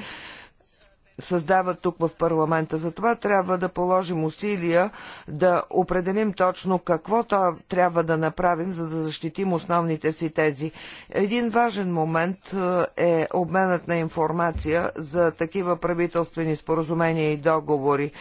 създават тук в парламента. Затова трябва да положим усилия да определим точно какво трябва да направим, за да защитим основните си тези. Един важен момент е, е обменът на информация за такива правителствени споразумения и договори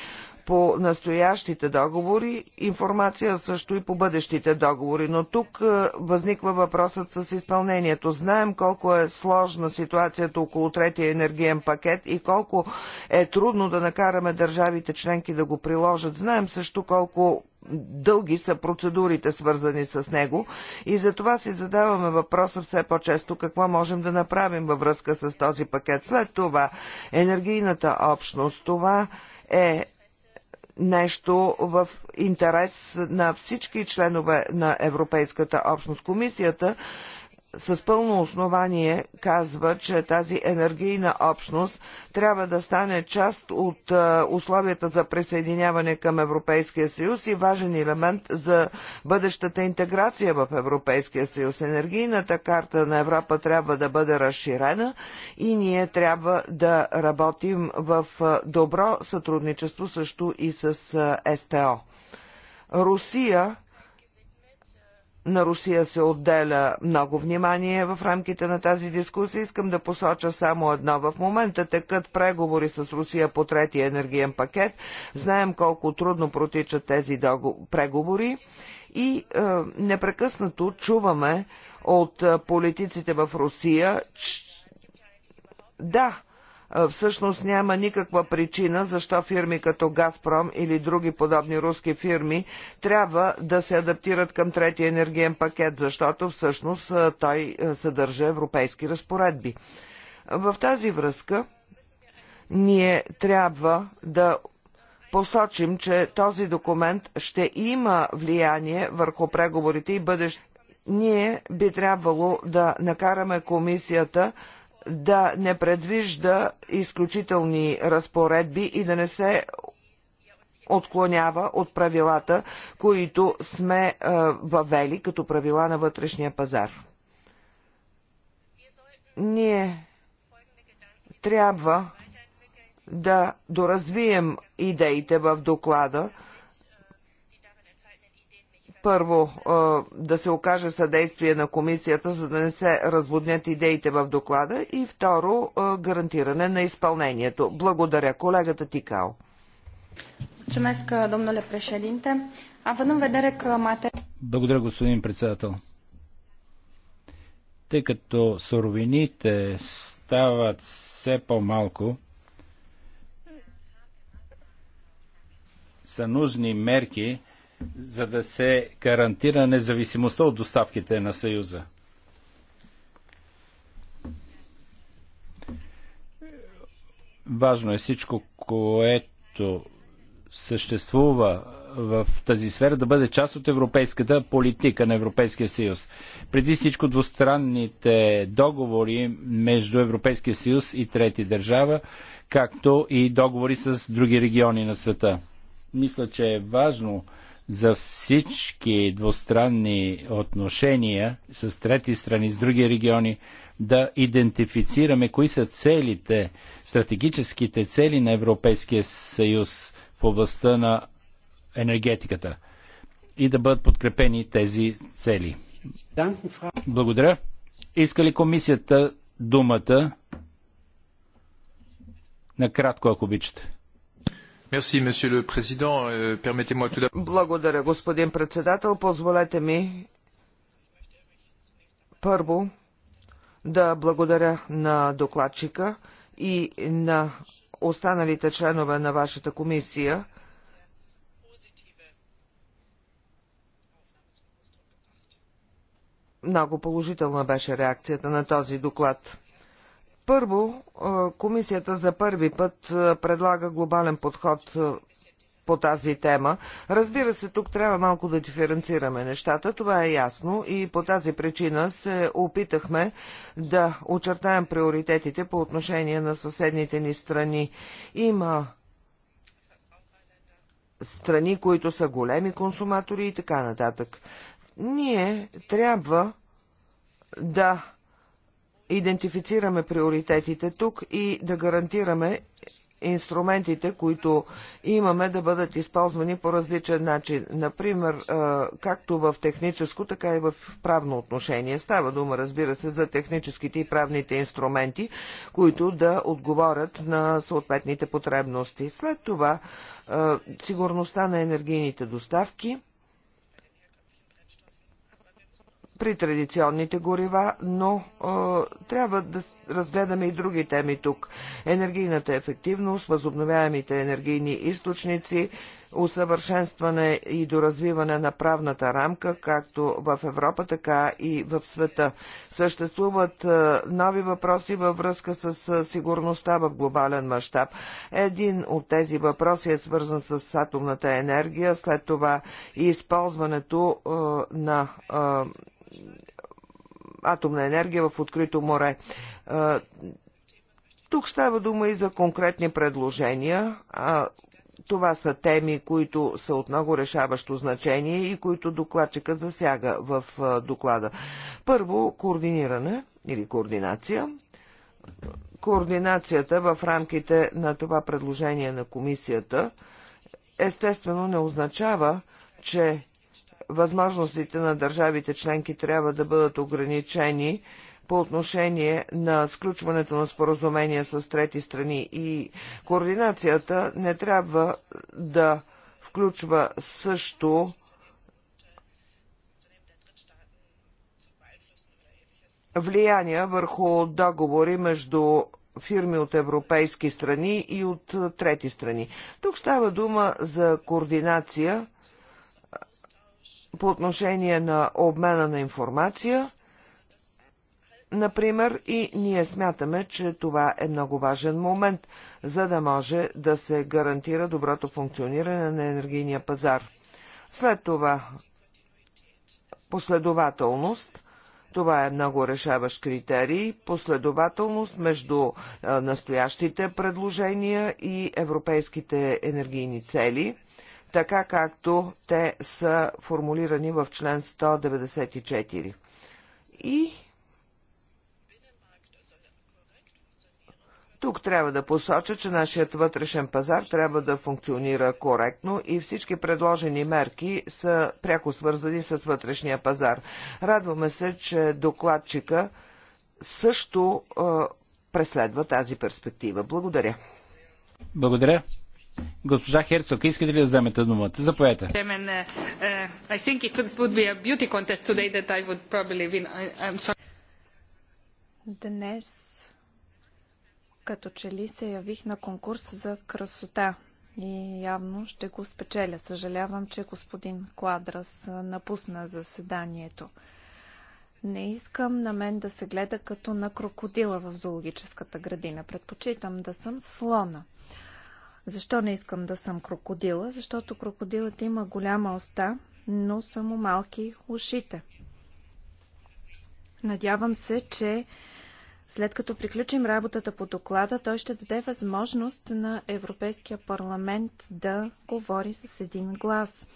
по настоящите договори, информация също и по бъдещите договори. Но тук е, възниква въпросът с изпълнението. Знаем колко е сложна ситуацията около третия енергиен пакет и колко е трудно да накараме държавите членки да го приложат. Знаем също колко дълги са процедурите, свързани с него. И за това си задаваме въпроса все по-често какво можем да направим във връзка с този пакет. След това енергийната общност, това е нещо в интерес на всички членове на Европейската общност. Комисията с пълно основание казва, че тази енергийна общност трябва да стане част от условията за присъединяване към Европейския съюз и важен елемент за бъдещата интеграция в Европейския съюз. Енергийната карта на Европа трябва да бъде разширена и ние трябва да работим в добро сътрудничество също и с СТО. Русия на Русия се отделя много внимание в рамките на тази дискусия. Искам да посоча само едно. В момента текат преговори с Русия по третия енергиен пакет. Знаем колко трудно протичат тези преговори и е, непрекъснато чуваме от е, политиците в Русия, да, всъщност няма никаква причина защо фирми като Газпром или други подобни руски фирми трябва да се адаптират към третия енергиен пакет, защото всъщност той съдържа европейски разпоредби. В тази връзка ние трябва да посочим, че този документ ще има влияние върху преговорите и бъдещ. Ние би трябвало да накараме комисията да не предвижда изключителни разпоредби и да не се отклонява от правилата, които сме е, въвели като правила на вътрешния пазар. Ние трябва да доразвием идеите в доклада, първо да се окаже съдействие на комисията, за да не се разводнят идеите в доклада и второ гарантиране на изпълнението. Благодаря. Колегата Тикао. Благодаря, господин председател. Тъй като суровините стават все по-малко, са нужни мерки, за да се гарантира независимостта от доставките на Съюза. Важно е всичко, което съществува в тази сфера, да бъде част от европейската политика на Европейския съюз. Преди всичко двустранните договори между Европейския съюз и трети държава, както и договори с други региони на света. Мисля, че е важно за всички двустранни отношения с трети страни, с други региони, да идентифицираме кои са целите, стратегическите цели на Европейския съюз в областта на енергетиката и да бъдат подкрепени тези цели. Благодаря. Иска ли комисията думата? Накратко, ако обичате. Euh, благодаря, господин председател. Позволете ми първо да благодаря на докладчика и на останалите членове на вашата комисия. Много положителна беше реакцията на този доклад. Първо, комисията за първи път предлага глобален подход по тази тема. Разбира се, тук трябва малко да диференцираме нещата, това е ясно и по тази причина се опитахме да очертаем приоритетите по отношение на съседните ни страни. Има страни, които са големи консуматори и така нататък. Ние трябва да идентифицираме приоритетите тук и да гарантираме инструментите, които имаме да бъдат използвани по различен начин. Например, както в техническо, така и в правно отношение. Става дума, разбира се, за техническите и правните инструменти, които да отговорят на съответните потребности. След това сигурността на енергийните доставки – при традиционните горива, но а, трябва да разгледаме и други теми тук. Енергийната ефективност, възобновяемите енергийни източници, усъвършенстване и доразвиване на правната рамка, както в Европа, така и в света. Съществуват нови въпроси във връзка с сигурността в глобален мащаб. Един от тези въпроси е свързан с атомната енергия, след това и използването на атомна енергия в открито море. Тук става дума и за конкретни предложения. Това са теми, които са от много решаващо значение и които докладчика засяга в доклада. Първо, координиране или координация. Координацията в рамките на това предложение на комисията естествено не означава, че възможностите на държавите членки трябва да бъдат ограничени по отношение на сключването на споразумения с трети страни и координацията не трябва да включва също влияния върху договори между фирми от европейски страни и от трети страни. Тук става дума за координация по отношение на обмена на информация, например, и ние смятаме, че това е много важен момент, за да може да се гарантира доброто функциониране на енергийния пазар. След това последователност – това е много решаващ критерий, последователност между настоящите предложения и европейските енергийни цели така както те са формулирани в член 194. И Тук трябва да посоча, че нашият вътрешен пазар трябва да функционира коректно и всички предложени мерки са пряко свързани с вътрешния пазар. Радваме се, че докладчика също преследва тази перспектива. Благодаря. Благодаря. Госпожа Херцог, искате ли да вземете думата? Заповядайте. Uh, uh, Днес като че ли се явих на конкурс за красота и явно ще го спечеля. Съжалявам, че господин Квадрас напусна заседанието. Не искам на мен да се гледа като на крокодила в зоологическата градина. Предпочитам да съм слона. Защо не искам да съм крокодила? Защото крокодилът има голяма уста, но само малки ушите. Надявам се, че след като приключим работата по доклада, той ще даде възможност на Европейския парламент да говори с един глас.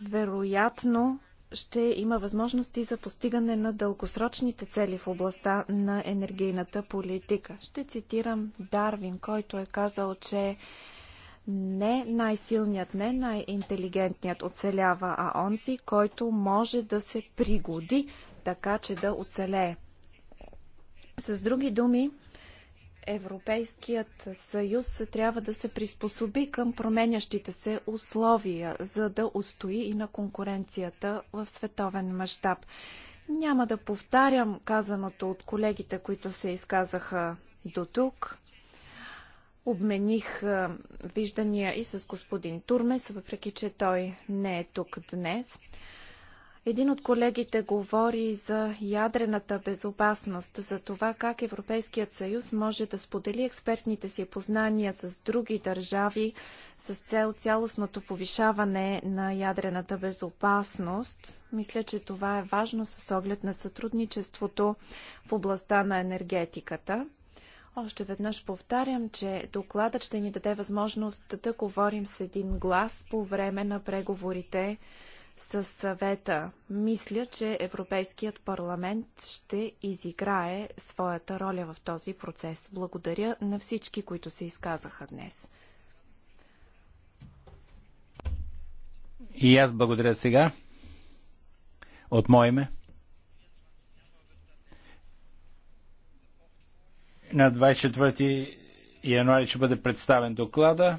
Вероятно, ще има възможности за постигане на дългосрочните цели в областта на енергийната политика. Ще цитирам Дарвин, който е казал, че не най-силният, не най-интелигентният оцелява, а онзи, който може да се пригоди така, че да оцелее. С други думи, Европейският съюз трябва да се приспособи към променящите се условия, за да устои и на конкуренцията в световен мащаб. Няма да повтарям казаното от колегите, които се изказаха до тук. Обмених виждания и с господин Турмес, въпреки че той не е тук днес. Един от колегите говори за ядрената безопасност, за това как Европейският съюз може да сподели експертните си познания с други държави с цел цялостното повишаване на ядрената безопасност. Мисля, че това е важно с оглед на сътрудничеството в областта на енергетиката. Още веднъж повтарям, че докладът ще ни даде възможност да говорим с един глас по време на преговорите със съвета. Мисля, че Европейският парламент ще изиграе своята роля в този процес. Благодаря на всички, които се изказаха днес. И аз благодаря сега от мое име. На 24 януари ще бъде представен доклада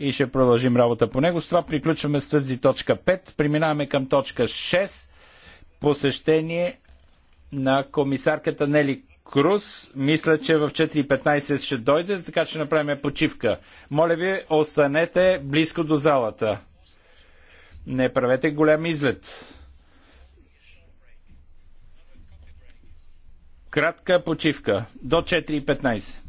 и ще продължим работа по него. С това приключваме с тази точка 5. Преминаваме към точка 6. Посещение на комисарката Нели Круз. Мисля, че в 4.15 ще дойде, така че направим почивка. Моля ви, останете близко до залата. Не правете голям излет. Кратка почивка до 4.15.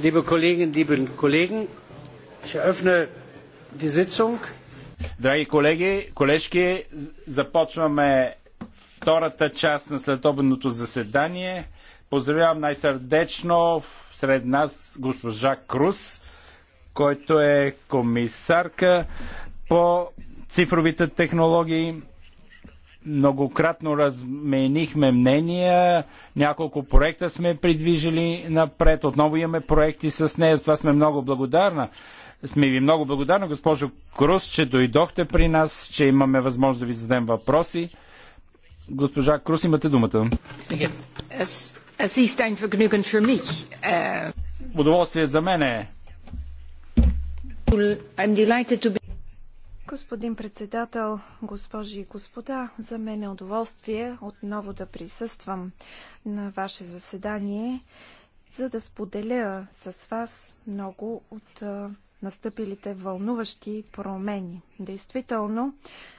Liebe Kolleginnen, liebe Kollegen, ich eröffne die Sitzung. Драги колеги, колежки, започваме втората част на следобедното заседание. Поздравявам най-сърдечно сред нас госпожа Крус, който е комисарка по цифровите технологии многократно разменихме мнения, няколко проекта сме придвижили напред, отново имаме проекти с нея, това сме много благодарна. Сме ви много благодарна, госпожо Крус, че дойдохте при нас, че имаме възможност да ви зададем въпроси. Госпожа Крус, имате думата. Uh, Удоволствие за мен е. Господин председател, госпожи и господа, за мен е удоволствие отново да присъствам на ваше заседание, за да споделя с вас много от настъпилите вълнуващи промени. Действително,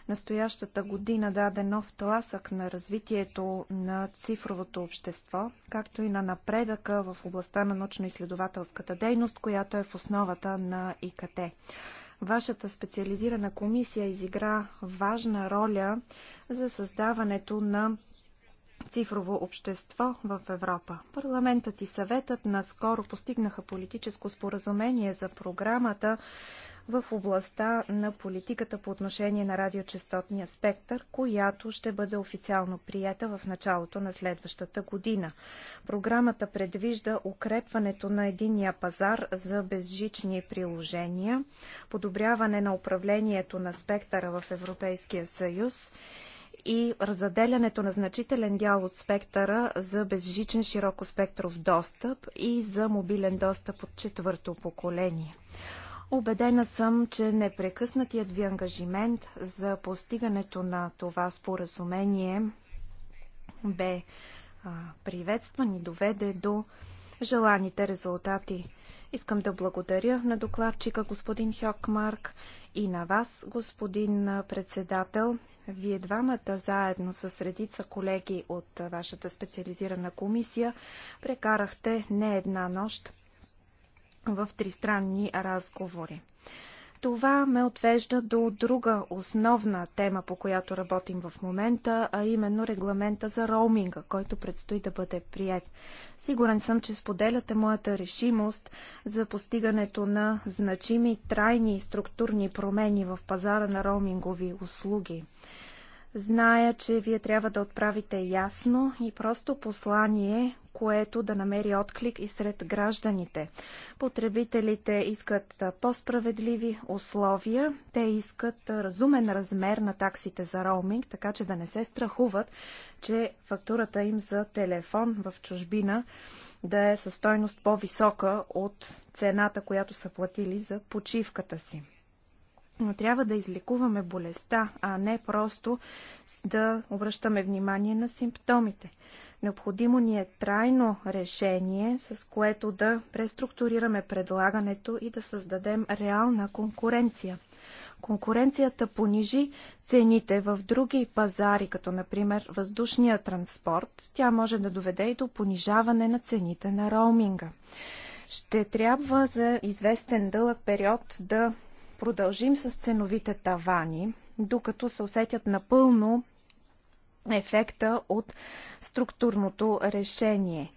настоящата година даде нов тласък на развитието на цифровото общество, както и на напредъка в областта на научно-изследователската дейност, която е в основата на ИКТ. Вашата специализирана комисия изигра важна роля за създаването на цифрово общество в Европа. Парламентът и съветът наскоро постигнаха политическо споразумение за програмата в областта на политиката по отношение на радиочастотния спектър, която ще бъде официално приета в началото на следващата година. Програмата предвижда укрепването на единния пазар за безжични приложения, подобряване на управлението на спектъра в Европейския съюз и разделянето на значителен дял от спектъра за безжичен широкоспектров достъп и за мобилен достъп от четвърто поколение. Обедена съм, че непрекъснатият ви ангажимент за постигането на това споразумение бе а, приветстван и доведе до желаните резултати. Искам да благодаря на докладчика господин Хьокмарк и на вас, господин председател. Вие двамата заедно с редица колеги от вашата специализирана комисия прекарахте не една нощ в тристранни разговори. Това ме отвежда до друга основна тема, по която работим в момента, а именно регламента за роуминга, който предстои да бъде прият. Сигурен съм, че споделяте моята решимост за постигането на значими, трайни и структурни промени в пазара на роумингови услуги. Зная, че вие трябва да отправите ясно и просто послание, което да намери отклик и сред гражданите. Потребителите искат по-справедливи условия, те искат разумен размер на таксите за роуминг, така че да не се страхуват, че фактурата им за телефон в чужбина да е със стойност по-висока от цената, която са платили за почивката си. Но трябва да излекуваме болестта, а не просто да обръщаме внимание на симптомите. Необходимо ни е трайно решение, с което да преструктурираме предлагането и да създадем реална конкуренция. Конкуренцията понижи цените в други пазари, като например въздушния транспорт. Тя може да доведе и до понижаване на цените на роуминга. Ще трябва за известен дълъг период да продължим с ценовите тавани, докато се усетят напълно ефекта от структурното решение.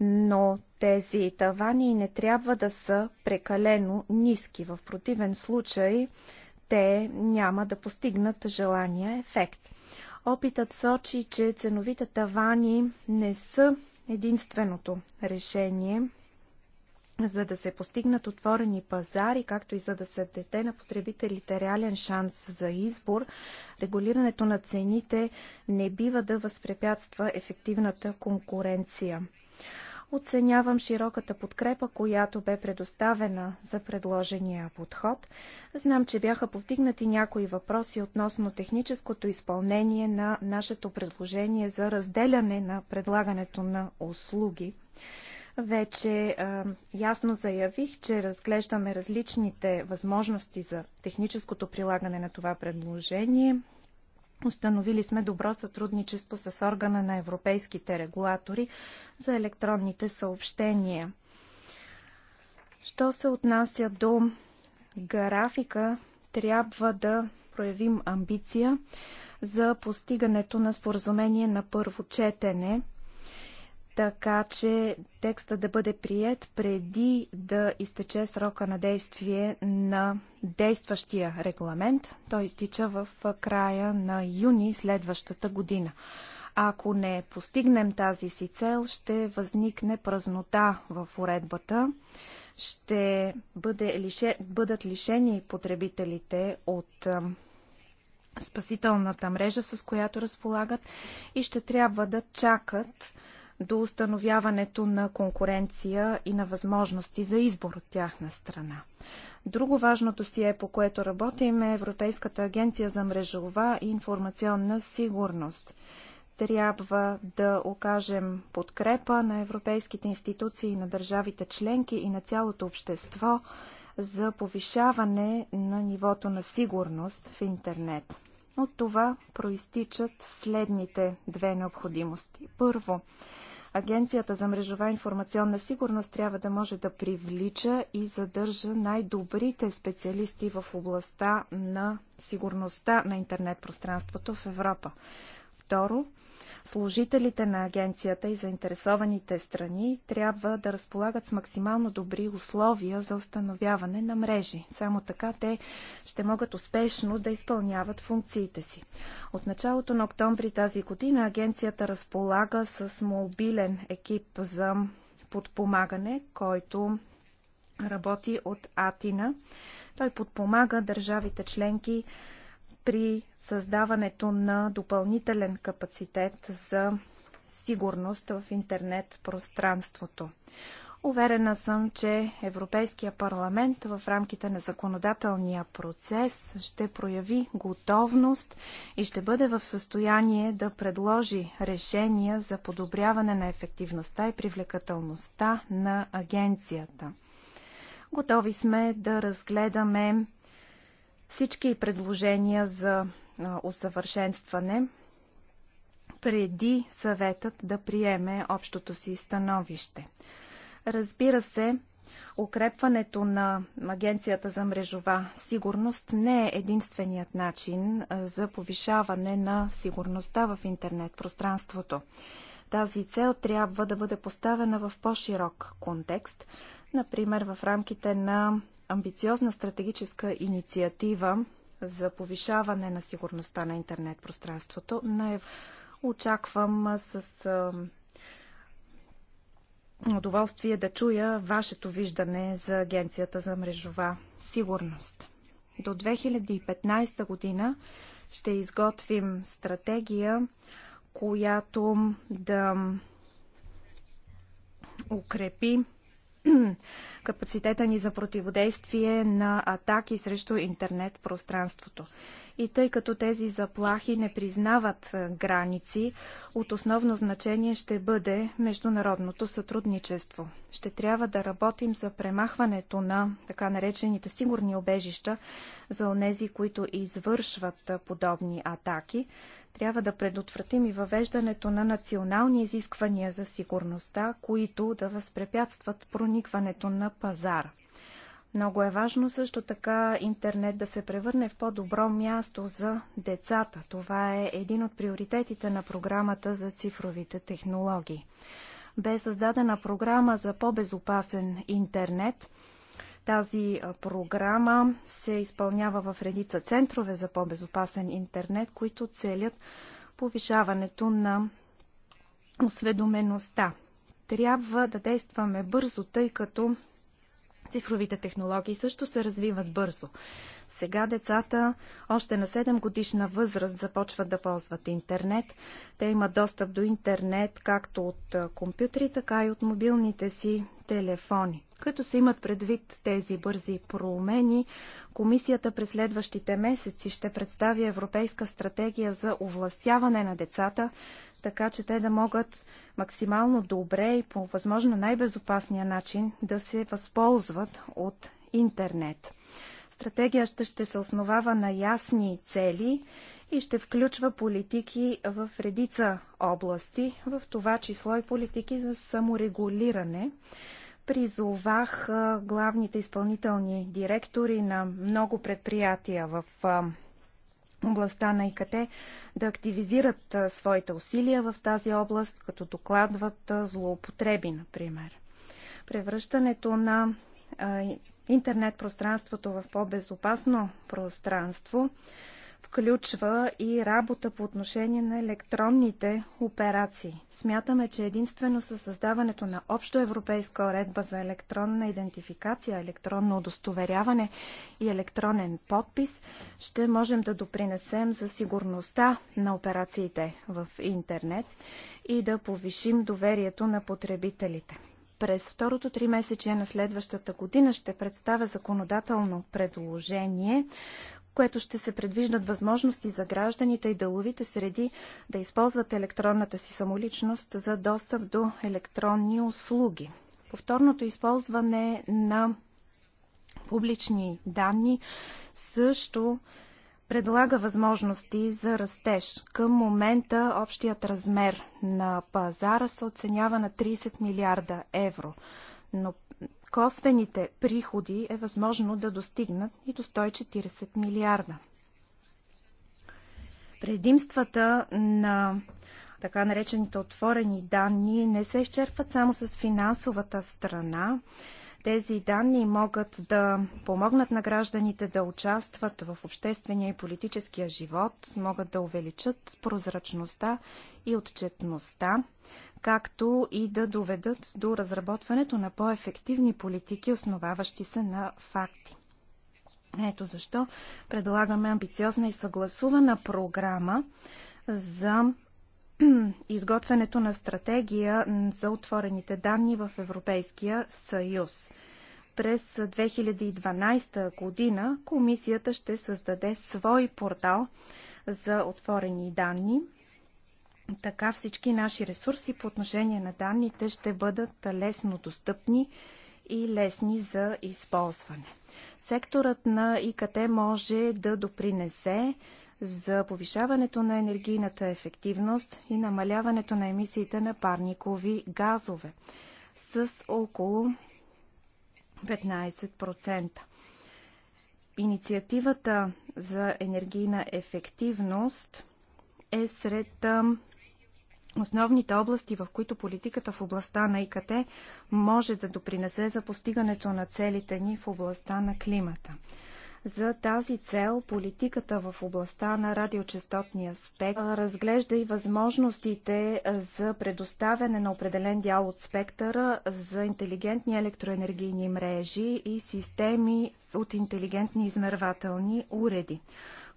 Но тези тавани не трябва да са прекалено ниски. В противен случай те няма да постигнат желания ефект. Опитът сочи, че ценовите тавани не са единственото решение за да се постигнат отворени пазари, както и за да се дете на потребителите реален шанс за избор, регулирането на цените не бива да възпрепятства ефективната конкуренция. Оценявам широката подкрепа, която бе предоставена за предложения подход. Знам, че бяха повдигнати някои въпроси относно техническото изпълнение на нашето предложение за разделяне на предлагането на услуги. Вече а, ясно заявих, че разглеждаме различните възможности за техническото прилагане на това предложение. Установили сме добро сътрудничество с органа на европейските регулатори за електронните съобщения. Що се отнася до графика, трябва да проявим амбиция за постигането на споразумение на първо четене – така че текста да бъде прият преди да изтече срока на действие на действащия регламент. Той изтича в края на юни следващата година. Ако не постигнем тази си цел, ще възникне празнота в уредбата, ще бъде лише, бъдат лишени потребителите от спасителната мрежа, с която разполагат и ще трябва да чакат до установяването на конкуренция и на възможности за избор от тяхна страна. Друго важно досие, по което работим е Европейската агенция за мрежова и информационна сигурност. Трябва да окажем подкрепа на европейските институции, на държавите членки и на цялото общество за повишаване на нивото на сигурност в интернет. От това проистичат следните две необходимости. Първо, Агенцията за мрежова информационна сигурност трябва да може да привлича и задържа най-добрите специалисти в областта на сигурността на интернет пространството в Европа. Второ, служителите на агенцията и заинтересованите страни трябва да разполагат с максимално добри условия за установяване на мрежи. Само така те ще могат успешно да изпълняват функциите си. От началото на октомври тази година агенцията разполага с мобилен екип за подпомагане, който работи от Атина. Той подпомага държавите членки при създаването на допълнителен капацитет за сигурност в интернет пространството. Уверена съм, че Европейския парламент в рамките на законодателния процес ще прояви готовност и ще бъде в състояние да предложи решения за подобряване на ефективността и привлекателността на агенцията. Готови сме да разгледаме всички предложения за усъвършенстване преди съветът да приеме общото си становище. Разбира се, укрепването на Агенцията за мрежова сигурност не е единственият начин за повишаване на сигурността в интернет пространството. Тази цел трябва да бъде поставена в по-широк контекст, например в рамките на амбициозна стратегическа инициатива за повишаване на сигурността на интернет пространството. не Очаквам с удоволствие да чуя вашето виждане за Агенцията за мрежова сигурност. До 2015 година ще изготвим стратегия, която да укрепи капацитета ни за противодействие на атаки срещу интернет пространството. И тъй като тези заплахи не признават е, граници, от основно значение ще бъде международното сътрудничество. Ще трябва да работим за премахването на така наречените сигурни обежища за онези, които извършват е, подобни атаки, трябва да предотвратим и въвеждането на национални изисквания за сигурността, които да възпрепятстват проникването на пазара. Много е важно също така интернет да се превърне в по-добро място за децата. Това е един от приоритетите на програмата за цифровите технологии. Бе създадена програма за по-безопасен интернет – тази програма се изпълнява в редица центрове за по-безопасен интернет, които целят повишаването на осведомеността. Трябва да действаме бързо, тъй като Цифровите технологии също се развиват бързо. Сега децата още на 7 годишна възраст започват да ползват интернет. Те имат достъп до интернет както от компютри, така и от мобилните си телефони. Като се имат предвид тези бързи промени, комисията през следващите месеци ще представи Европейска стратегия за овластяване на децата така че те да могат максимално добре и по възможно най-безопасния начин да се възползват от интернет. Стратегията ще се основава на ясни цели и ще включва политики в редица области, в това число и политики за саморегулиране. Призовах главните изпълнителни директори на много предприятия в областта на ИКТ да активизират своите усилия в тази област, като докладват злоупотреби, например. Превръщането на интернет пространството в по-безопасно пространство включва и работа по отношение на електронните операции. Смятаме, че единствено със създаването на общо европейска уредба за електронна идентификация, електронно удостоверяване и електронен подпис ще можем да допринесем за сигурността на операциите в интернет и да повишим доверието на потребителите през второто три месече на следващата година ще представя законодателно предложение което ще се предвиждат възможности за гражданите и деловите среди да използват електронната си самоличност за достъп до електронни услуги. Повторното използване на публични данни също предлага възможности за растеж. Към момента общият размер на пазара се оценява на 30 милиарда евро, но косвените приходи е възможно да достигнат и до 140 милиарда. Предимствата на така наречените отворени данни не се изчерпват само с финансовата страна. Тези данни могат да помогнат на гражданите да участват в обществения и политическия живот, могат да увеличат прозрачността и отчетността както и да доведат до разработването на по-ефективни политики, основаващи се на факти. Ето защо предлагаме амбициозна и съгласувана програма за изготвянето на стратегия за отворените данни в Европейския съюз. През 2012 година комисията ще създаде свой портал за отворени данни, така всички наши ресурси по отношение на данните ще бъдат лесно достъпни и лесни за използване. Секторът на ИКТ може да допринесе за повишаването на енергийната ефективност и намаляването на емисиите на парникови газове с около 15%. Инициативата за енергийна ефективност е сред Основните области, в които политиката в областта на ИКТ може да допринесе за постигането на целите ни в областта на климата. За тази цел политиката в областта на радиочастотния спектър разглежда и възможностите за предоставяне на определен дял от спектъра за интелигентни електроенергийни мрежи и системи от интелигентни измервателни уреди.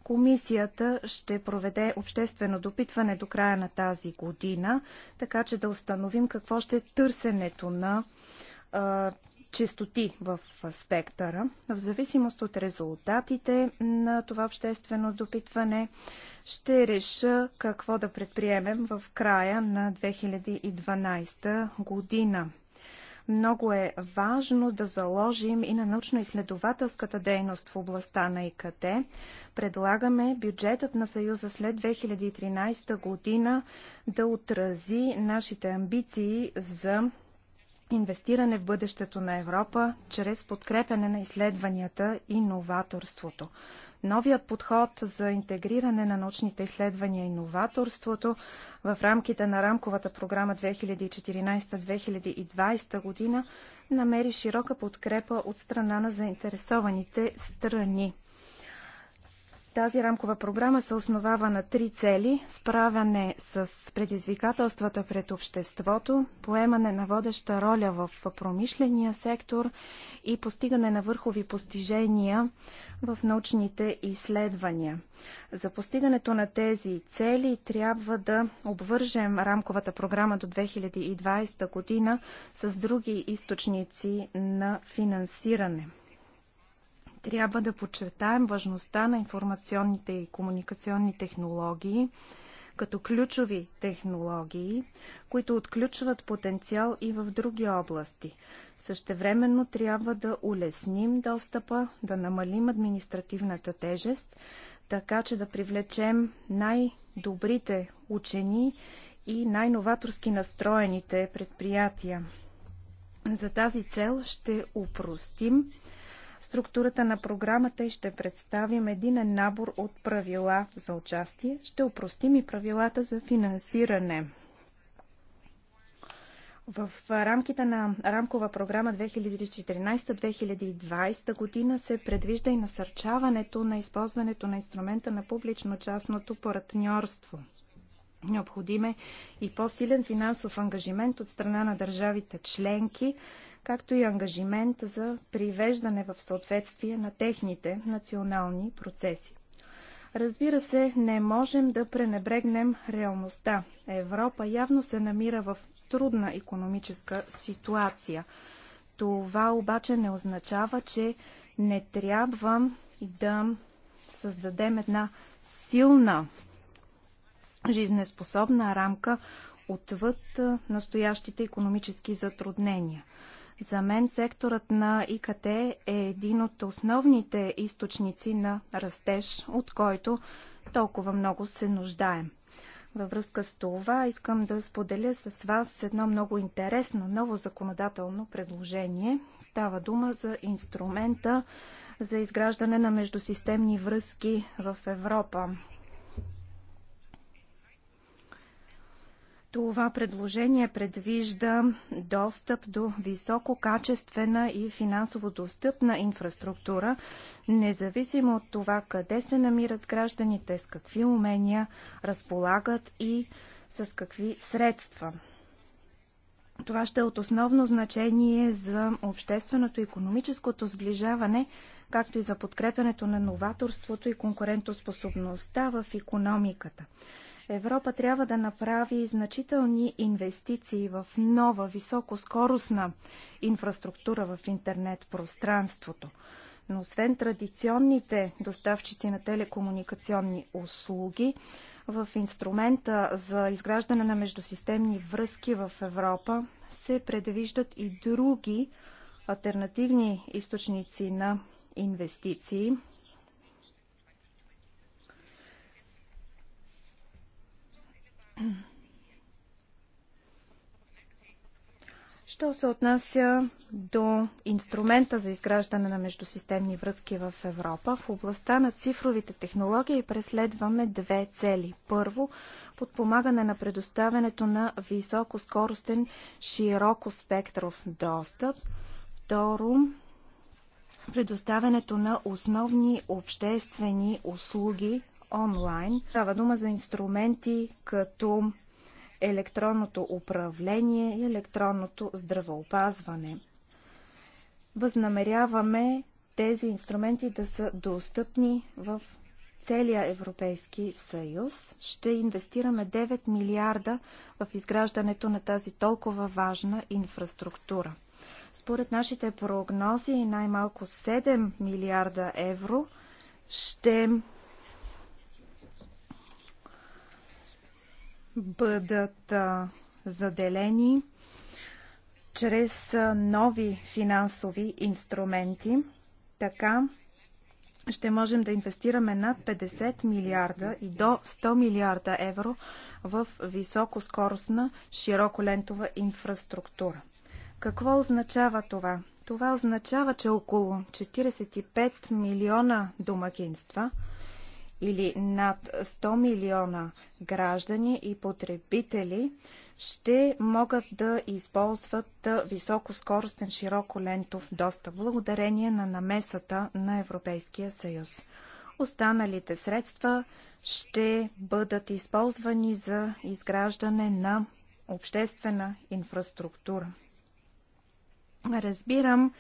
Комисията ще проведе обществено допитване до края на тази година, така че да установим какво ще е търсенето на а, чистоти в спектъра. В зависимост от резултатите на това обществено допитване, ще реша какво да предприемем в края на 2012 година. Много е важно да заложим и на научно-изследователската дейност в областта на ИКТ. Предлагаме бюджетът на Съюза след 2013 година да отрази нашите амбиции за инвестиране в бъдещето на Европа чрез подкрепяне на изследванията и новаторството. Новият подход за интегриране на научните изследвания и новаторството в рамките на рамковата програма 2014-2020 година намери широка подкрепа от страна на заинтересованите страни. Тази рамкова програма се основава на три цели – справяне с предизвикателствата пред обществото, поемане на водеща роля в промишления сектор и постигане на върхови постижения в научните изследвания. За постигането на тези цели трябва да обвържем рамковата програма до 2020 година с други източници на финансиране – трябва да подчертаем важността на информационните и комуникационни технологии като ключови технологии, които отключват потенциал и в други области. Същевременно трябва да улесним достъпа, да намалим административната тежест, така че да привлечем най-добрите учени и най-новаторски настроените предприятия. За тази цел ще упростим структурата на програмата и ще представим един набор от правила за участие. Ще упростим и правилата за финансиране. В рамките на рамкова програма 2014-2020 година се предвижда и насърчаването на използването на инструмента на публично-частното партньорство. Необходим е и по-силен финансов ангажимент от страна на държавите членки както и ангажимент за привеждане в съответствие на техните национални процеси. Разбира се, не можем да пренебрегнем реалността. Европа явно се намира в трудна економическа ситуация. Това обаче не означава, че не трябва да създадем една силна жизнеспособна рамка отвъд настоящите економически затруднения. За мен секторът на ИКТ е един от основните източници на растеж, от който толкова много се нуждаем. Във връзка с това искам да споделя с вас едно много интересно ново законодателно предложение. Става дума за инструмента за изграждане на междусистемни връзки в Европа. Това предложение предвижда достъп до висококачествена и финансово достъпна инфраструктура, независимо от това къде се намират гражданите, с какви умения разполагат и с какви средства. Това ще е от основно значение за общественото и економическото сближаване, както и за подкрепянето на новаторството и конкурентоспособността в економиката. Европа трябва да направи значителни инвестиции в нова високоскоростна инфраструктура в интернет пространството. Но освен традиционните доставчици на телекомуникационни услуги, в инструмента за изграждане на междусистемни връзки в Европа се предвиждат и други альтернативни източници на инвестиции, Що се отнася до инструмента за изграждане на междусистемни връзки в Европа, в областта на цифровите технологии преследваме две цели. Първо, подпомагане на предоставянето на високоскоростен широко спектров достъп. Второ, предоставянето на основни обществени услуги онлайн. Трябва дума за инструменти като електронното управление и електронното здравеопазване. Възнамеряваме тези инструменти да са достъпни в целия Европейски съюз. Ще инвестираме 9 милиарда в изграждането на тази толкова важна инфраструктура. Според нашите прогнози, най-малко 7 милиарда евро ще бъдат заделени чрез нови финансови инструменти. Така ще можем да инвестираме над 50 милиарда и до 100 милиарда евро в високоскоростна широколентова инфраструктура. Какво означава това? Това означава, че около 45 милиона домакинства – или над 100 милиона граждани и потребители ще могат да използват високоскоростен широколентов достъп благодарение на намесата на Европейския съюз. Останалите средства ще бъдат използвани за изграждане на обществена инфраструктура. Разбирам,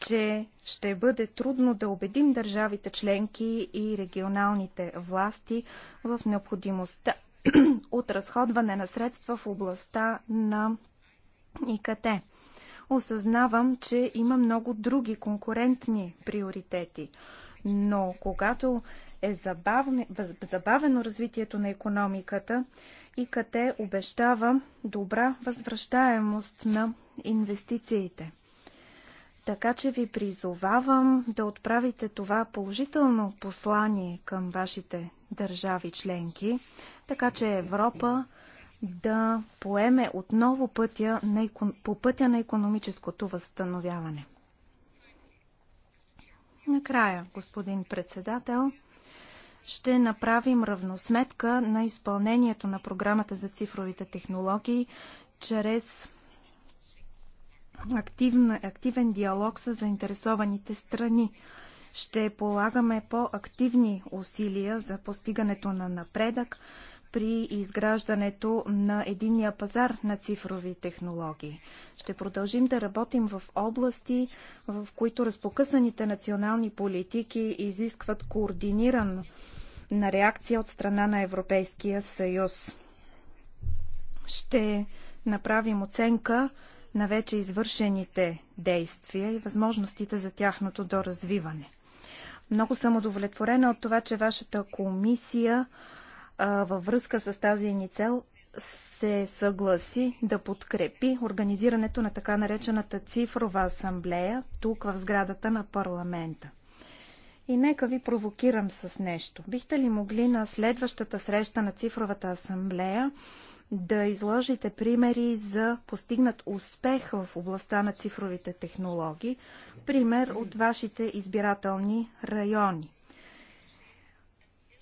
че ще бъде трудно да убедим държавите членки и регионалните власти в необходимостта от разходване на средства в областта на ИКТ. Осъзнавам, че има много други конкурентни приоритети, но когато е забавне, забавено развитието на економиката, ИКТ обещава добра възвръщаемост на инвестициите. Така че ви призовавам да отправите това положително послание към вашите държави членки, така че Европа да поеме отново пътя на, по пътя на економическото възстановяване. Накрая, господин председател, ще направим равносметка на изпълнението на програмата за цифровите технологии чрез активна, активен диалог с заинтересованите страни. Ще полагаме по-активни усилия за постигането на напредък при изграждането на единния пазар на цифрови технологии. Ще продължим да работим в области, в които разпокъсаните национални политики изискват координиран на реакция от страна на Европейския съюз. Ще направим оценка на вече извършените действия и възможностите за тяхното доразвиване. Много съм удовлетворена от това, че вашата комисия а, във връзка с тази ни цел се съгласи да подкрепи организирането на така наречената цифрова асамблея тук в сградата на парламента. И нека ви провокирам с нещо. Бихте ли могли на следващата среща на цифровата асамблея да изложите примери за постигнат успех в областта на цифровите технологии, пример от вашите избирателни райони.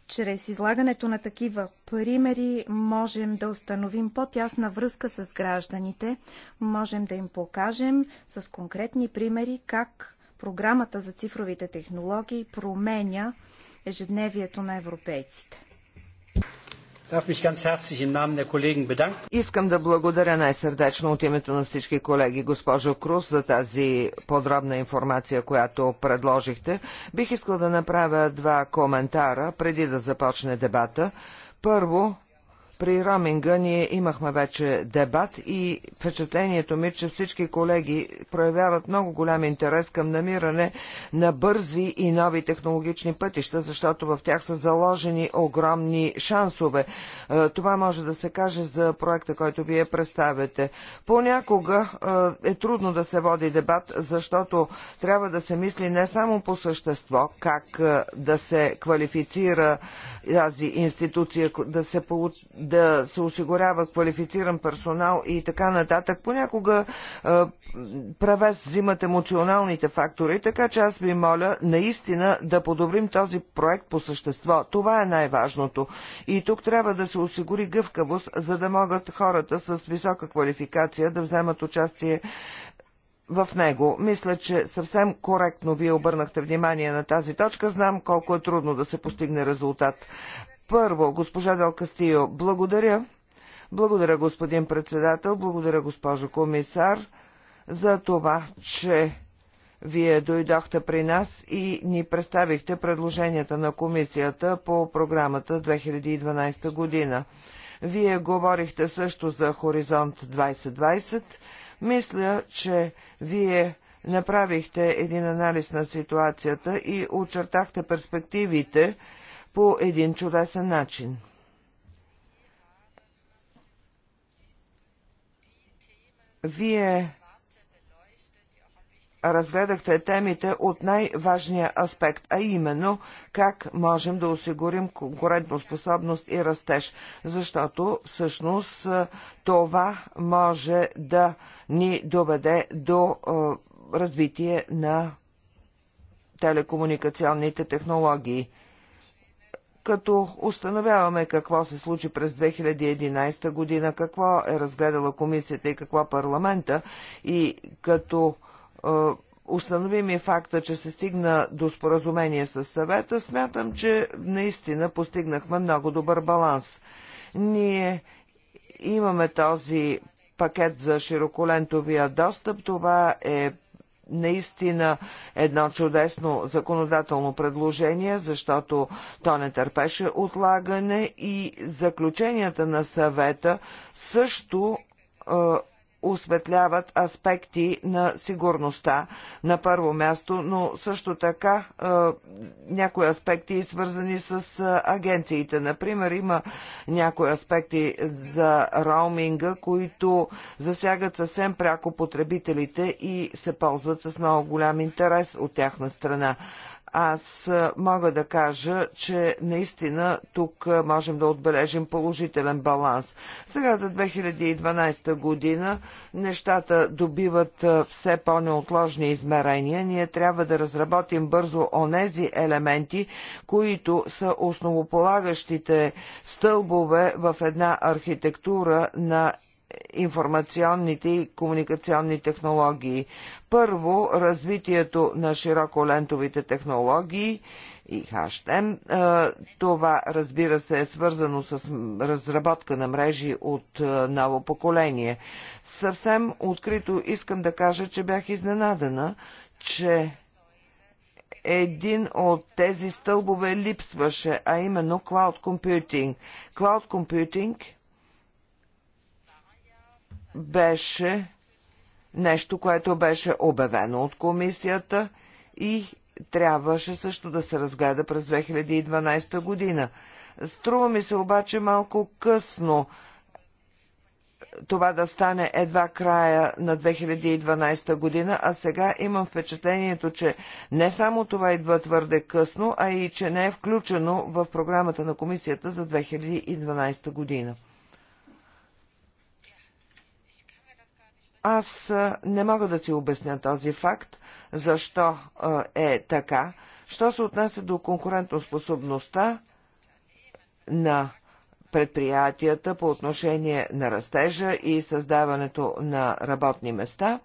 Чрез излагането на такива примери можем да установим по-тясна връзка с гражданите, можем да им покажем с конкретни примери как програмата за цифровите технологии променя ежедневието на европейците. Искам да благодаря най-сърдечно от името на всички колеги, госпожо Круз, за тази подробна информация, която предложихте. Бих искал да направя два коментара преди да започне дебата. Първо, при роминга ние имахме вече дебат и впечатлението ми, че всички колеги проявяват много голям интерес към намиране на бързи и нови технологични пътища, защото в тях са заложени огромни шансове. Е, това може да се каже за проекта, който вие представяте. Понякога е, е трудно да се води дебат, защото трябва да се мисли не само по същество, как е, да се квалифицира тази институция, да се получи да се осигурява квалифициран персонал и така нататък. Понякога е, правес взимат емоционалните фактори, така че аз ви моля наистина да подобрим този проект по същество. Това е най-важното. И тук трябва да се осигури гъвкавост, за да могат хората с висока квалификация да вземат участие в него. Мисля, че съвсем коректно вие обърнахте внимание на тази точка. Знам колко е трудно да се постигне резултат. Първо, госпожа Дел Кастио, благодаря. Благодаря, господин председател, благодаря, госпожо комисар, за това, че вие дойдохте при нас и ни представихте предложенията на комисията по програмата 2012 година. Вие говорихте също за Хоризонт 2020. Мисля, че вие направихте един анализ на ситуацията и очертахте перспективите, по един чудесен начин. Вие разгледахте темите от най-важния аспект, а именно как можем да осигурим конкурентоспособност и растеж, защото всъщност това може да ни доведе до развитие на телекомуникационните технологии като установяваме какво се случи през 2011 година, какво е разгледала комисията и какво парламента и като е, установим и факта, че се стигна до споразумение с съвета, смятам, че наистина постигнахме много добър баланс. Ние имаме този пакет за широколентовия достъп. Това е наистина едно чудесно законодателно предложение, защото то не търпеше отлагане и заключенията на съвета също е, осветляват аспекти на сигурността на първо място, но също така е, някои аспекти свързани с е, агенциите. Например, има някои аспекти за роуминга, които засягат съвсем пряко потребителите и се ползват с много голям интерес от тяхна страна аз мога да кажа, че наистина тук можем да отбележим положителен баланс. Сега за 2012 година нещата добиват все по-неотложни измерения. Ние трябва да разработим бързо онези елементи, които са основополагащите стълбове в една архитектура на информационните и комуникационни технологии. Първо, развитието на широколентовите технологии и хаштем. Това, разбира се, е свързано с разработка на мрежи от ново поколение. Съвсем открито искам да кажа, че бях изненадана, че един от тези стълбове липсваше, а именно Cloud Computing. Cloud Computing беше нещо, което беше обявено от комисията и трябваше също да се разгледа през 2012 година. Струва ми се обаче малко късно това да стане едва края на 2012 година, а сега имам впечатлението, че не само това идва твърде късно, а и че не е включено в програмата на комисията за 2012 година. Аз не мога да си обясня този факт, защо е така. Що се отнася до конкурентоспособността на предприятията по отношение на растежа и създаването на работни места,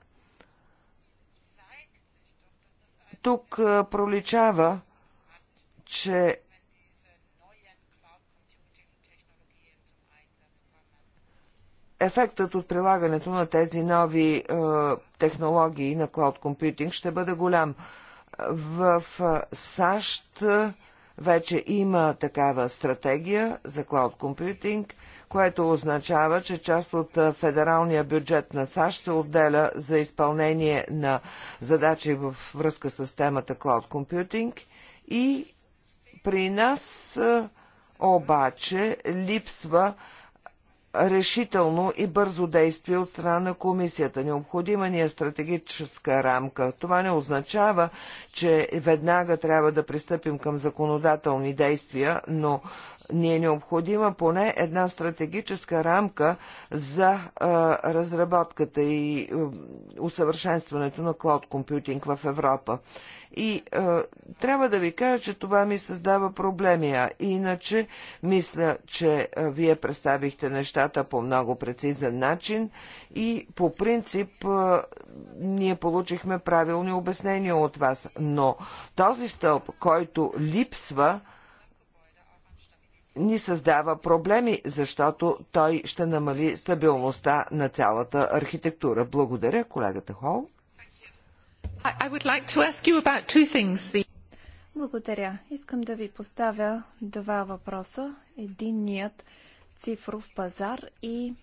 тук проличава, че ефектът от прилагането на тези нови е, технологии на клауд компютинг ще бъде голям. В е, САЩ вече има такава стратегия за клауд компютинг, което означава, че част от е, федералния бюджет на САЩ се отделя за изпълнение на задачи в връзка с темата клауд компютинг и при нас е, обаче липсва решително и бързо действие от страна на комисията. Необходима ни е стратегическа рамка. Това не означава, че веднага трябва да пристъпим към законодателни действия, но ни е необходима поне една стратегическа рамка за а, разработката и а, усъвършенстването на клауд компютинг в Европа. И е, трябва да ви кажа, че това ми създава проблеми, а иначе мисля, че е, вие представихте нещата по много прецизен начин и по принцип е, ние получихме правилни обяснения от вас. Но този стълб, който липсва, ни създава проблеми, защото той ще намали стабилността на цялата архитектура. Благодаря, колегата Хол. Благодаря. Искам да ви поставя два въпроса. Единият цифров пазар и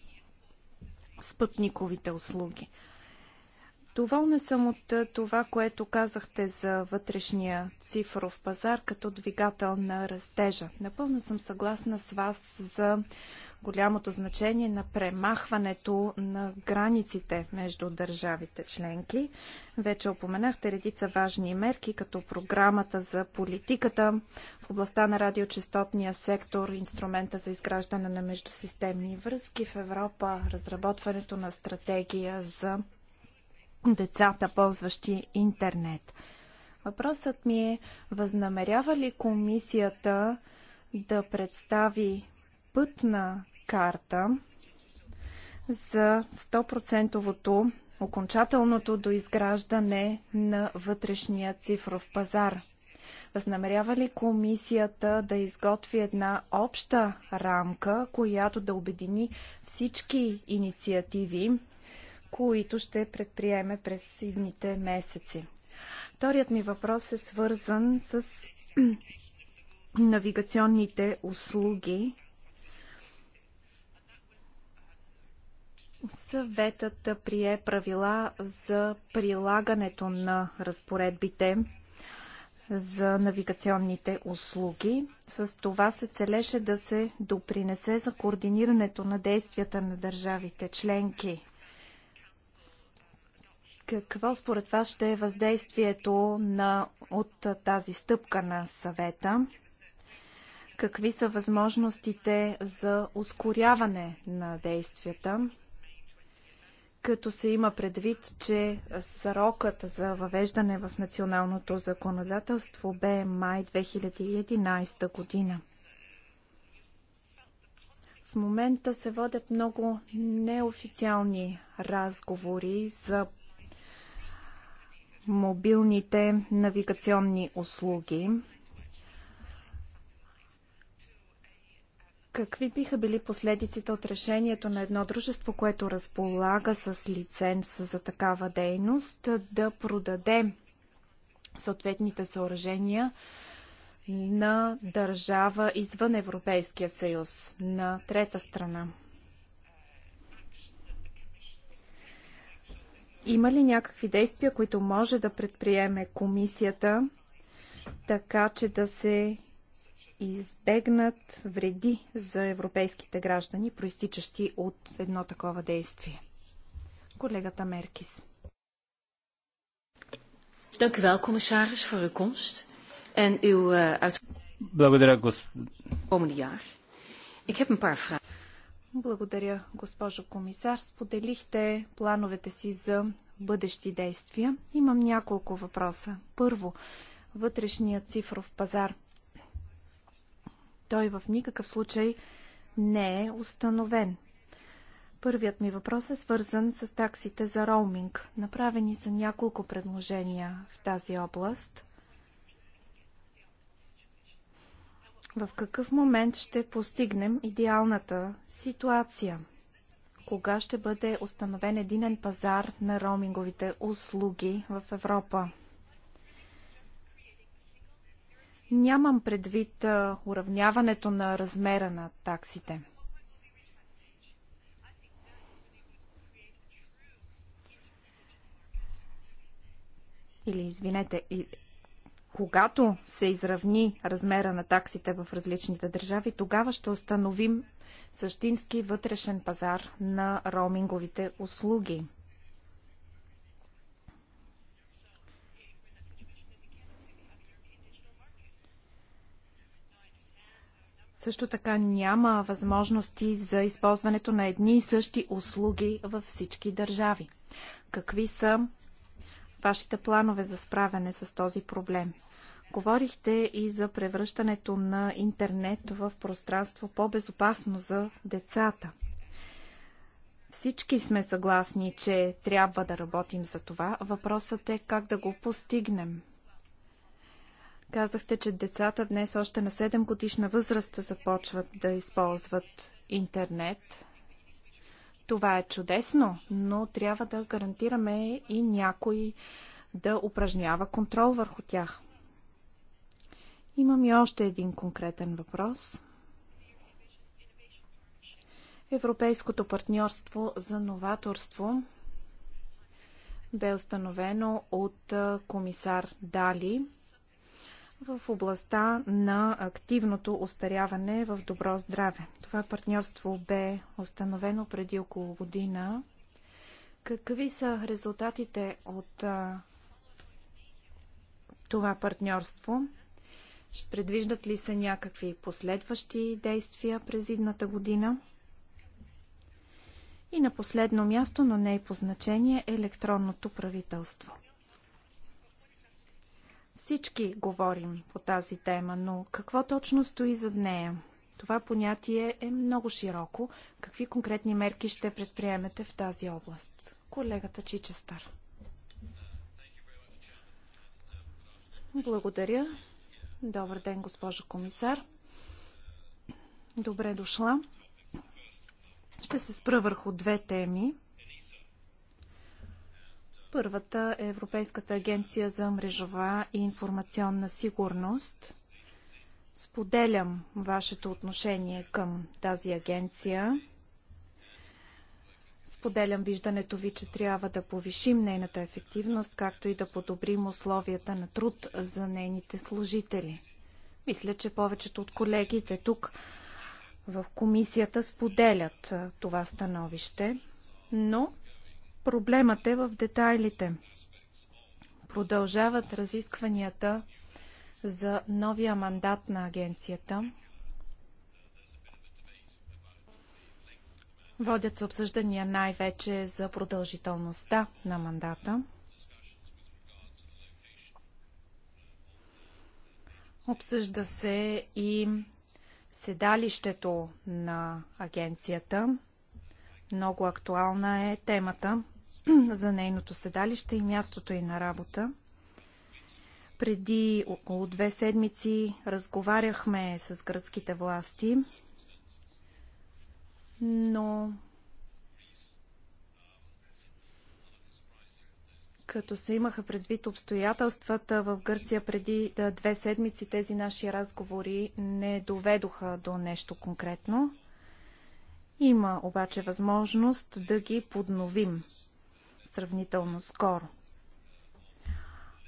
спътниковите услуги. Доволна съм от това, което казахте за вътрешния цифров пазар като двигател на растежа. Напълно съм съгласна с вас за голямото значение на премахването на границите между държавите членки. Вече опоменахте редица важни мерки, като програмата за политиката в областта на радиочастотния сектор, инструмента за изграждане на междусистемни връзки в Европа, разработването на стратегия за децата, ползващи интернет. Въпросът ми е, възнамерява ли комисията да представи пътна карта за 100 окончателното доизграждане на вътрешния цифров пазар. Възнамерява ли комисията да изготви една обща рамка, която да обедини всички инициативи, които ще предприеме през идните месеци? Вторият ми въпрос е свързан с навигационните услуги Съветът прие правила за прилагането на разпоредбите за навигационните услуги. С това се целеше да се допринесе за координирането на действията на държавите членки. Какво според вас ще е въздействието на, от тази стъпка на съвета? Какви са възможностите за ускоряване на действията? като се има предвид, че срокът за въвеждане в националното законодателство бе май 2011 година. В момента се водят много неофициални разговори за мобилните навигационни услуги. Какви биха били последиците от решението на едно дружество, което разполага с лиценз за такава дейност, да продаде съответните съоръжения на държава извън Европейския съюз, на трета страна? Има ли някакви действия, които може да предприеме комисията, така че да се избегнат вреди за европейските граждани, проистичащи от едно такова действие. Колегата Меркис. Благодаря, госп... Благодаря, госпожо комисар. Споделихте плановете си за бъдещи действия. Имам няколко въпроса. Първо, вътрешният цифров пазар – той в никакъв случай не е установен. Първият ми въпрос е свързан с таксите за роуминг. Направени са няколко предложения в тази област. В какъв момент ще постигнем идеалната ситуация? Кога ще бъде установен единен пазар на роуминговите услуги в Европа? Нямам предвид уравняването на размера на таксите. Или, извинете, когато се изравни размера на таксите в различните държави, тогава ще установим същински вътрешен пазар на роуминговите услуги. Също така няма възможности за използването на едни и същи услуги във всички държави. Какви са вашите планове за справяне с този проблем? Говорихте и за превръщането на интернет в пространство по-безопасно за децата. Всички сме съгласни, че трябва да работим за това. Въпросът е как да го постигнем. Казахте, че децата днес още на 7 годишна възраст започват да използват интернет. Това е чудесно, но трябва да гарантираме и някой да упражнява контрол върху тях. Имам и още един конкретен въпрос. Европейското партньорство за новаторство бе установено от комисар Дали – в областта на активното остаряване в добро здраве. Това партньорство бе установено преди около година. Какви са резултатите от а, това партньорство? Ще предвиждат ли се някакви последващи действия през идната година? И на последно място, но не и по значение, електронното правителство – всички говорим по тази тема, но какво точно стои зад нея? Това понятие е много широко. Какви конкретни мерки ще предприемете в тази област? Колегата Чичестър. Благодаря. Добър ден, госпожо комисар. Добре дошла. Ще се спра върху две теми. Първата е Европейската агенция за мрежова и информационна сигурност. Споделям вашето отношение към тази агенция. Споделям виждането ви, че трябва да повишим нейната ефективност, както и да подобрим условията на труд за нейните служители. Мисля, че повечето от колегите тук в комисията споделят това становище, но Проблемът е в детайлите. Продължават разискванията за новия мандат на агенцията. Водят се обсъждания най-вече за продължителността на мандата. Обсъжда се и седалището на агенцията. Много актуална е темата за нейното седалище и мястото й на работа. Преди около две седмици разговаряхме с гръцките власти, но като се имаха предвид обстоятелствата в Гърция преди две седмици, тези наши разговори не доведоха до нещо конкретно. Има обаче възможност да ги подновим сравнително скоро.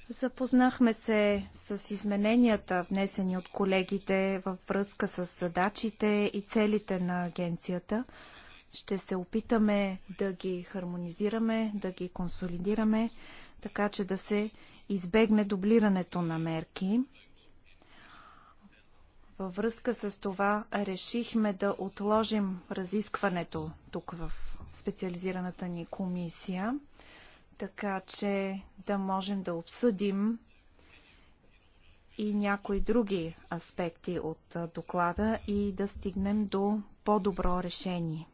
Запознахме се с измененията, внесени от колегите във връзка с задачите и целите на агенцията. Ще се опитаме да ги хармонизираме, да ги консолидираме, така че да се избегне дублирането на мерки. Във връзка с това решихме да отложим разискването тук в специализираната ни комисия, така че да можем да обсъдим и някои други аспекти от доклада и да стигнем до по-добро решение.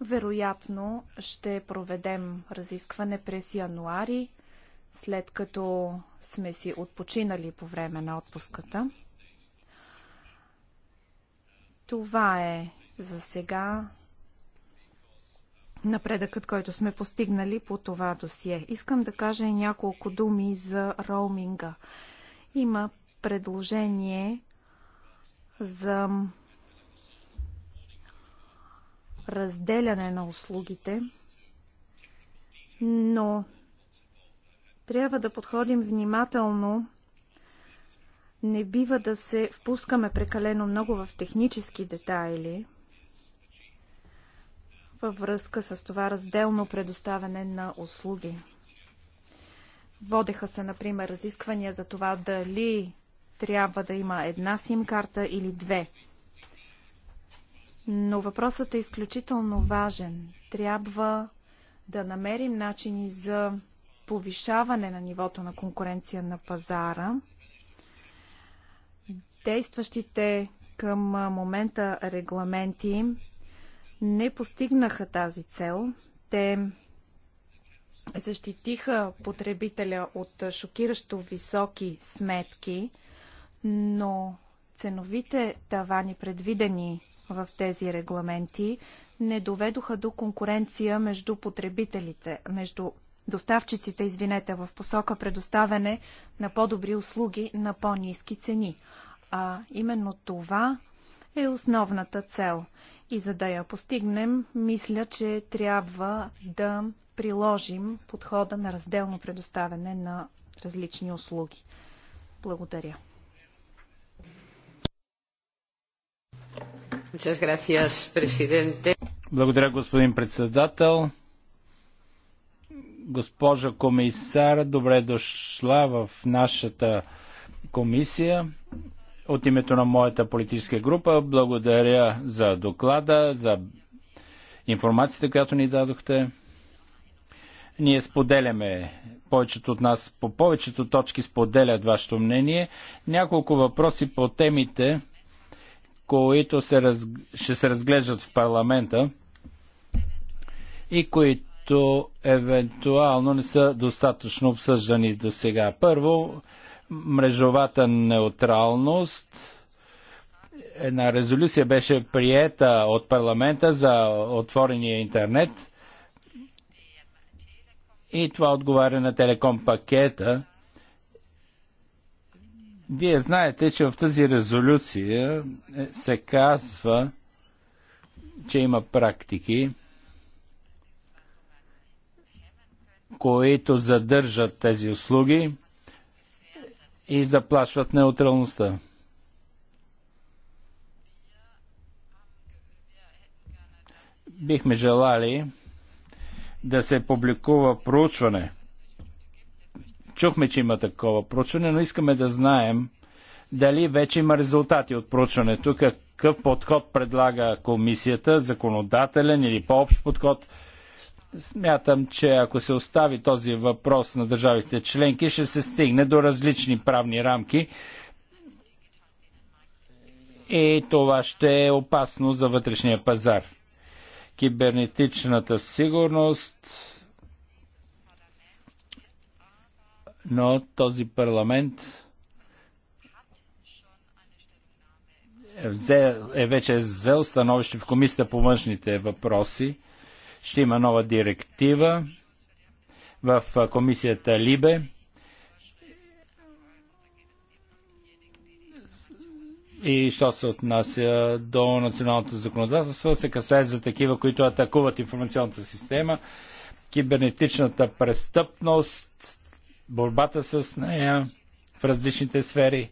Вероятно ще проведем разискване през януари след като сме си отпочинали по време на отпуската. Това е за сега напредъкът, който сме постигнали по това досие. Искам да кажа и няколко думи за роуминга. Има предложение за разделяне на услугите, но трябва да подходим внимателно. Не бива да се впускаме прекалено много в технически детайли във връзка с това разделно предоставяне на услуги. Водеха се, например, разисквания за това дали трябва да има една сим-карта или две. Но въпросът е изключително важен. Трябва да намерим начини за повишаване на нивото на конкуренция на пазара. Действащите към момента регламенти не постигнаха тази цел. Те защитиха потребителя от шокиращо високи сметки, но ценовите тавани, предвидени в тези регламенти, не доведоха до конкуренция между потребителите, между доставчиците, извинете, в посока предоставяне на по-добри услуги на по-низки цени. А именно това е основната цел. И за да я постигнем, мисля, че трябва да приложим подхода на разделно предоставяне на различни услуги. Благодаря. Благодаря, господин председател. Госпожо комисар, добре дошла в нашата комисия. От името на моята политическа група благодаря за доклада, за информацията, която ни дадохте. Ние споделяме, повечето от нас по повечето точки споделят вашето мнение. Няколко въпроси по темите, които се раз... ще се разглеждат в парламента и които които евентуално не са достатъчно обсъждани до сега. Първо, мрежовата неутралност. Една резолюция беше приета от парламента за отворения интернет и това отговаря на телеком пакета. Вие знаете, че в тази резолюция е, се казва, че има практики, които задържат тези услуги и заплашват неутралността. Бихме желали да се публикува проучване. Чухме, че има такова проучване, но искаме да знаем дали вече има резултати от проучването, какъв подход предлага комисията, законодателен или по-общ подход – Смятам, че ако се остави този въпрос на държавите членки, ще се стигне до различни правни рамки и това ще е опасно за вътрешния пазар. Кибернетичната сигурност, но този парламент е, е вече взел становище в Комисията по външните въпроси – ще има нова директива в комисията Либе. И що се отнася до националното законодателство, се касае за такива, които атакуват информационната система, кибернетичната престъпност, борбата с нея в различните сфери.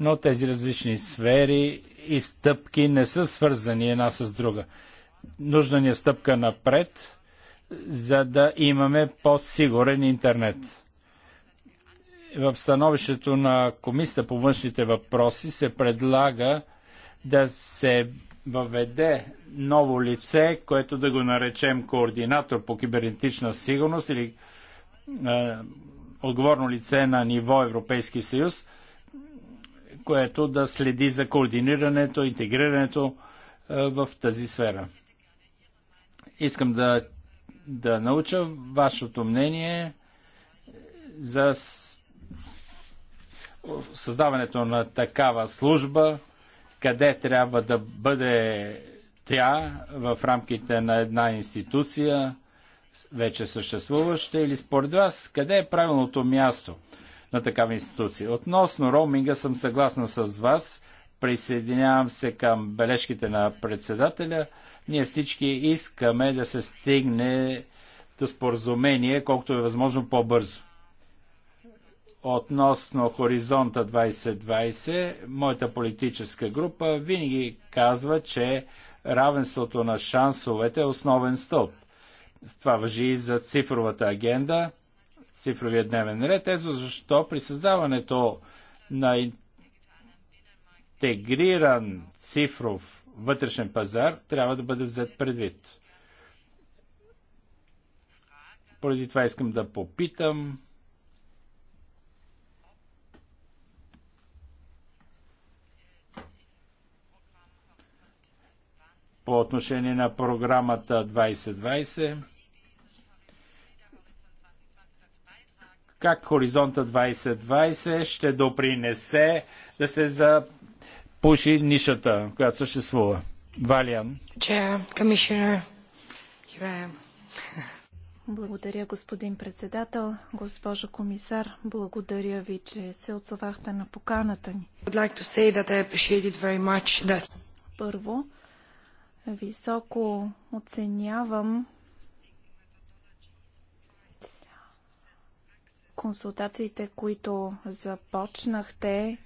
Но тези различни сфери и стъпки не са свързани една с друга нужна ни е стъпка напред, за да имаме по-сигурен интернет. В становището на Комисията по външните въпроси се предлага да се въведе ново лице, което да го наречем координатор по кибернетична сигурност или е, отговорно лице на ниво Европейски съюз, което да следи за координирането, интегрирането е, в тази сфера. Искам да, да науча вашето мнение за създаването на такава служба, къде трябва да бъде тя в рамките на една институция, вече съществуваща, или според вас, къде е правилното място на такава институция? Относно роуминга съм съгласна с вас, присъединявам се към бележките на председателя – ние всички искаме да се стигне до споразумение, колкото е възможно по-бързо. Относно Хоризонта 2020, моята политическа група винаги казва, че равенството на шансовете е основен стълб. Това въжи и за цифровата агенда, цифровия дневен ред. Ето защо при създаването на интегриран цифров вътрешен пазар трябва да бъде взет предвид. Поради това искам да попитам по отношение на програмата 2020. Как Хоризонта 2020 ще допринесе да се за пуши нишата, която съществува. Валиан. Благодаря, господин председател. Госпожо комисар, благодаря ви, че се отзовахте на поканата ни. Първо, високо оценявам консултациите, които започнахте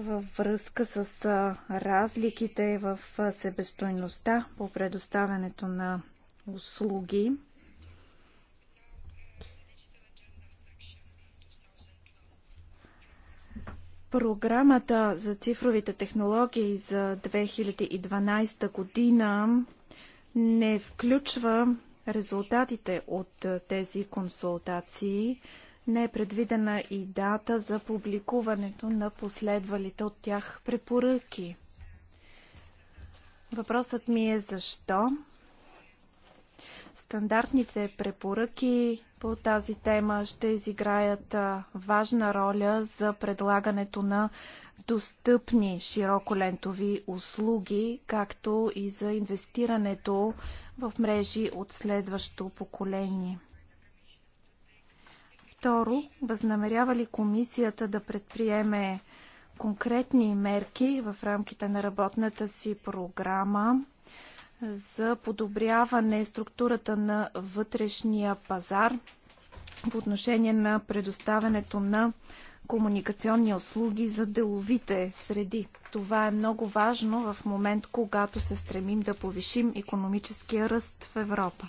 във връзка с разликите в себестойността по предоставянето на услуги. Програмата за цифровите технологии за 2012 година не включва резултатите от тези консултации, не е предвидена и дата за публикуването на последвалите от тях препоръки. Въпросът ми е защо стандартните препоръки по тази тема ще изиграят важна роля за предлагането на достъпни широколентови услуги, както и за инвестирането в мрежи от следващо поколение. Второ, възнамерява ли комисията да предприеме конкретни мерки в рамките на работната си програма за подобряване структурата на вътрешния пазар по отношение на предоставянето на комуникационни услуги за деловите среди. Това е много важно в момент, когато се стремим да повишим економическия ръст в Европа.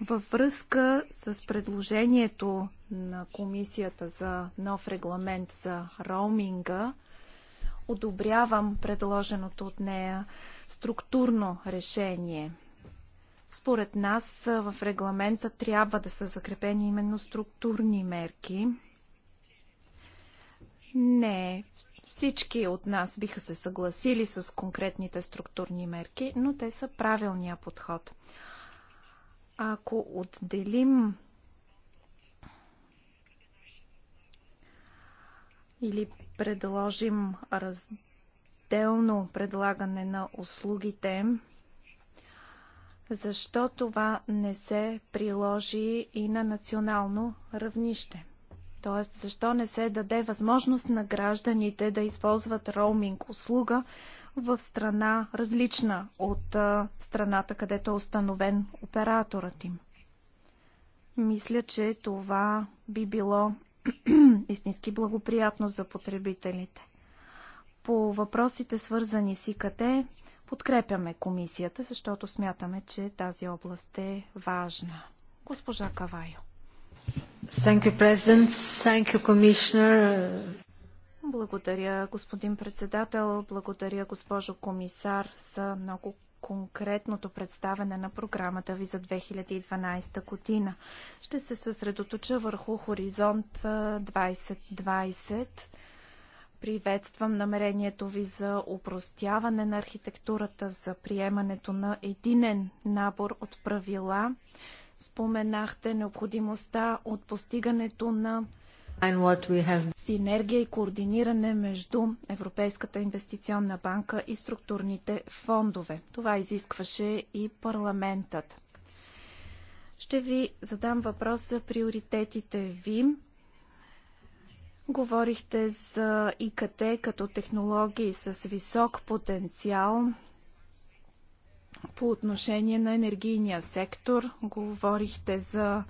Във връзка с предложението на комисията за нов регламент за роуминга, одобрявам предложеното от нея структурно решение. Според нас в регламента трябва да са закрепени именно структурни мерки. Не всички от нас биха се съгласили с конкретните структурни мерки, но те са правилния подход. Ако отделим или предложим разделно предлагане на услугите, защо това не се приложи и на национално равнище? Тоест, защо не се даде възможност на гражданите да използват роуминг услуга в страна различна от страната, където е установен операторът им? Мисля, че това би било истински благоприятно за потребителите. По въпросите свързани с ИКТ, подкрепяме комисията, защото смятаме, че тази област е важна. Госпожа Кавайо. Благодаря, господин председател. Благодаря, госпожо комисар, за много конкретното представяне на програмата ви за 2012 година. Ще се съсредоточа върху Хоризонт 2020. Приветствам намерението ви за упростяване на архитектурата, за приемането на единен набор от правила. Споменахте необходимостта от постигането на Синергия и координиране между Европейската инвестиционна банка и структурните фондове. Това изискваше и парламентът. Ще ви задам въпрос за приоритетите ви. Говорихте за ИКТ като технологии с висок потенциал по отношение на енергийния сектор. Говорихте за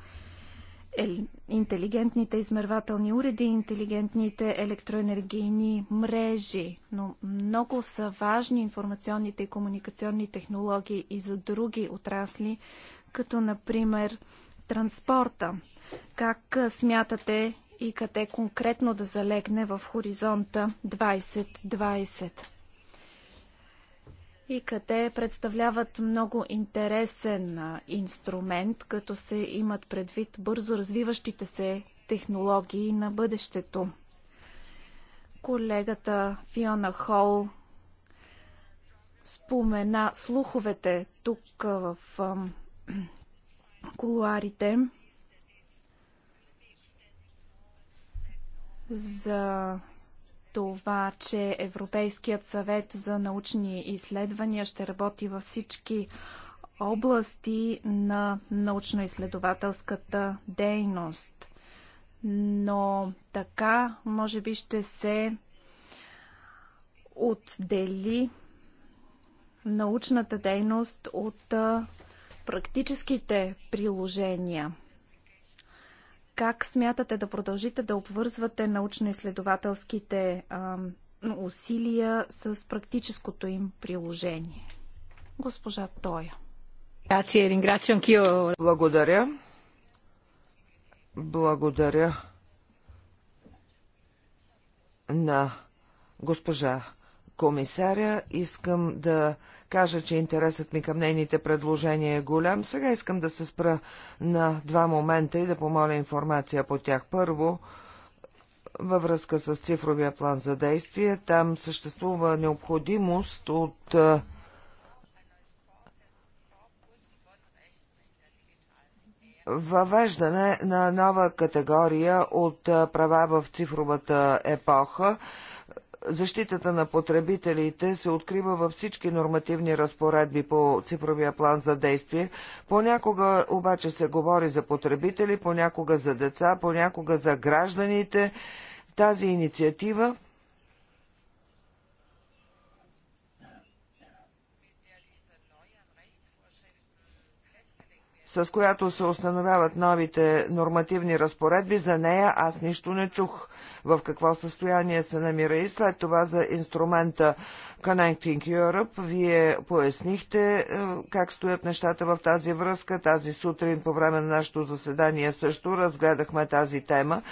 интелигентните измервателни уреди, интелигентните електроенергийни мрежи. Но много са важни информационните и комуникационни технологии и за други отрасли, като например транспорта. Как смятате и къде конкретно да залегне в хоризонта 2020? и къде представляват много интересен инструмент, като се имат предвид бързо развиващите се технологии на бъдещето. Колегата Фиона Хол спомена слуховете тук в колуарите за това, че Европейският съвет за научни изследвания ще работи във всички области на научно-изследователската дейност. Но така, може би, ще се отдели научната дейност от практическите приложения – как смятате да продължите да обвързвате научно-изследователските усилия с практическото им приложение? Госпожа Тоя. Благодаря. Благодаря на госпожа комисаря. Искам да кажа, че интересът ми към нейните предложения е голям. Сега искам да се спра на два момента и да помоля информация по тях. Първо, във връзка с цифровия план за действие, там съществува необходимост от въвеждане на нова категория от права в цифровата епоха защитата на потребителите се открива във всички нормативни разпоредби по цифровия план за действие. Понякога обаче се говори за потребители, понякога за деца, понякога за гражданите. Тази инициатива с която се установяват новите нормативни разпоредби, за нея аз нищо не чух в какво състояние се намира и след това за инструмента Connecting Europe. Вие пояснихте е, как стоят нещата в тази връзка. Тази сутрин по време на нашето заседание също разгледахме тази тема.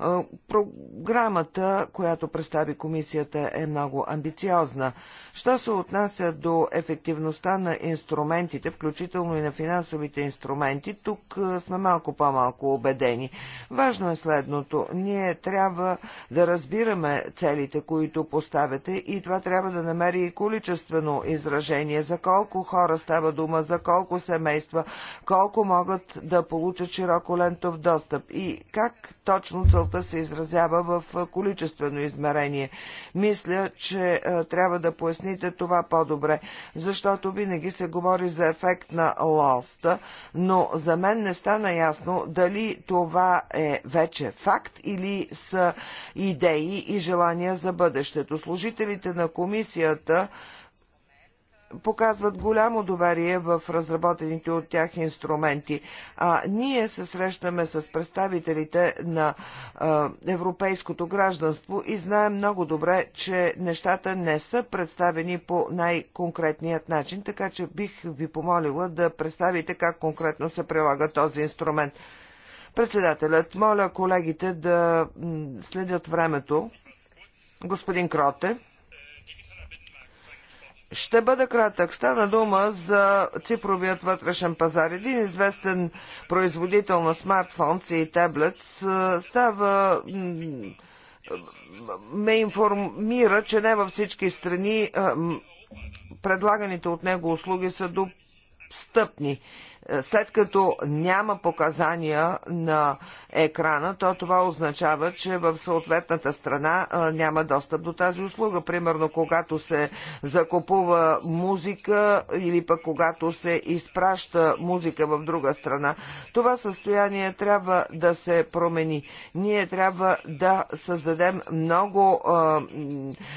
Е, програмата, която представи комисията е много амбициозна. Що се отнася до ефективността на инструментите, включително и на финансовите инструменти, тук е, сме малко по-малко убедени. Важно е следното. Ние трябва да разбираме целите, които поставяте и това трябва да намерим намери и количествено изражение. За колко хора става дума, за колко семейства, колко могат да получат широко лентов достъп и как точно целта се изразява в количествено измерение. Мисля, че трябва да поясните това по-добре, защото винаги се говори за ефект на лоста, но за мен не стана ясно дали това е вече факт или са идеи и желания за бъдещето. Служителите на комисията комисията показват голямо доверие в разработените от тях инструменти. А ние се срещаме с представителите на а, европейското гражданство и знаем много добре, че нещата не са представени по най-конкретният начин, така че бих ви помолила да представите как конкретно се прилага този инструмент. Председателят, моля колегите да следят времето. Господин Кроте. Ще бъда кратък. Стана дума за цифровият вътрешен пазар. Един известен производител на смартфонци и таблет става ме информира, че не във всички страни предлаганите от него услуги са достъпни. Е, след като няма показания на екрана, то това означава, че в съответната страна няма достъп до тази услуга. Примерно, когато се закупува музика или пък когато се изпраща музика в друга страна, това състояние трябва да се промени. Ние трябва да създадем много а,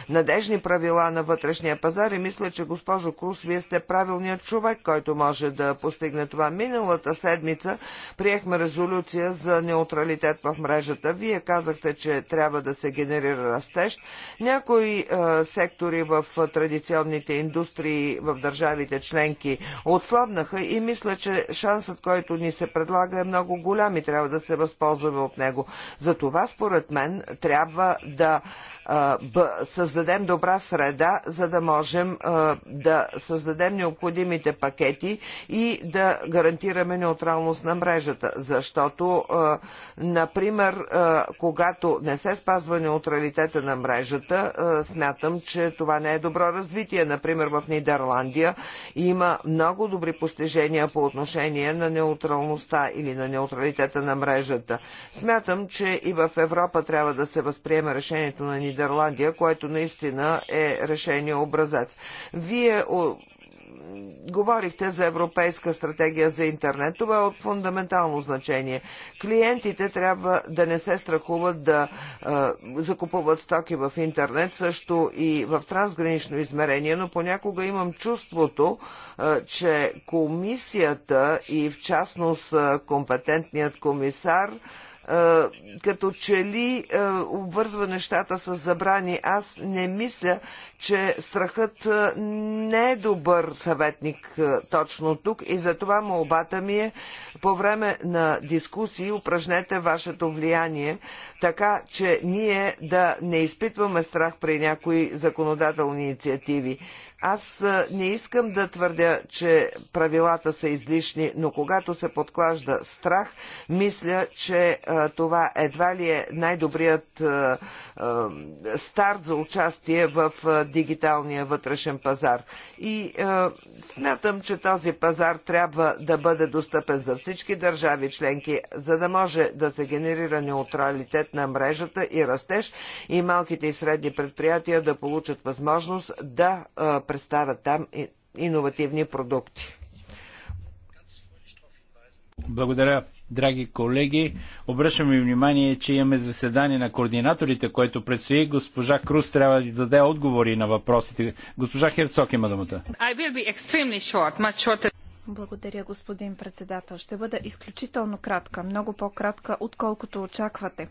надежни правила на вътрешния пазар и мисля, че госпожо Крус, вие сте правилният човек, който може да постигне това. Миналата седмица приехме резолюция за неотложност неутралитет в мрежата. Вие казахте, че трябва да се генерира растеж. Някои е, сектори в традиционните индустрии в държавите членки отслабнаха и мисля, че шансът, който ни се предлага е много голям и трябва да се възползваме от него. За това, според мен, трябва да създадем добра среда, за да можем да създадем необходимите пакети и да гарантираме неутралност на мрежата. Защото, например, когато не се спазва неутралитета на мрежата, смятам, че това не е добро развитие. Например, в Нидерландия има много добри постижения по отношение на неутралността или на неутралитета на мрежата. Смятам, че и в Европа трябва да се възприеме решението на Нидерландия Нидерландия, което наистина е решение образец. Вие говорихте за европейска стратегия за интернет. Това е от фундаментално значение. Клиентите трябва да не се страхуват да е, закупуват стоки в интернет, също и в трансгранично измерение, но понякога имам чувството, е, че комисията и в частност компетентният комисар е, е, като че ли е, обвързва нещата с забрани. Аз не мисля, че страхът е, не е добър съветник точно тук и затова молбата ми е по време на дискусии упражнете вашето влияние, така че ние да не изпитваме страх при някои законодателни инициативи. Аз не искам да твърдя, че правилата са излишни, но когато се подклажда страх, мисля, че това едва ли е най-добрият старт за участие в дигиталния вътрешен пазар. И смятам, че този пазар трябва да бъде достъпен за всички държави членки, за да може да се генерира неутралитет на мрежата и растеж и малките и средни предприятия да получат възможност да представят там иновативни продукти. Благодаря, драги колеги. Обръщам ви внимание, че имаме заседание на координаторите, което предстои. Госпожа Круз трябва да даде отговори на въпросите. Госпожа Херцог има думата. Short, Благодаря, господин председател. Ще бъда изключително кратка, много по-кратка, отколкото очаквате.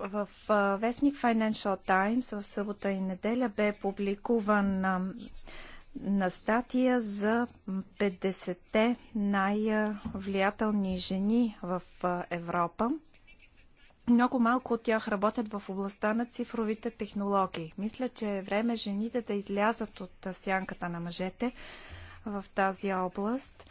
В вестник Financial Times в събота и неделя бе публикуван на статия за 50-те най-влиятелни жени в Европа. Много малко от тях работят в областта на цифровите технологии. Мисля, че е време жените да излязат от сянката на мъжете в тази област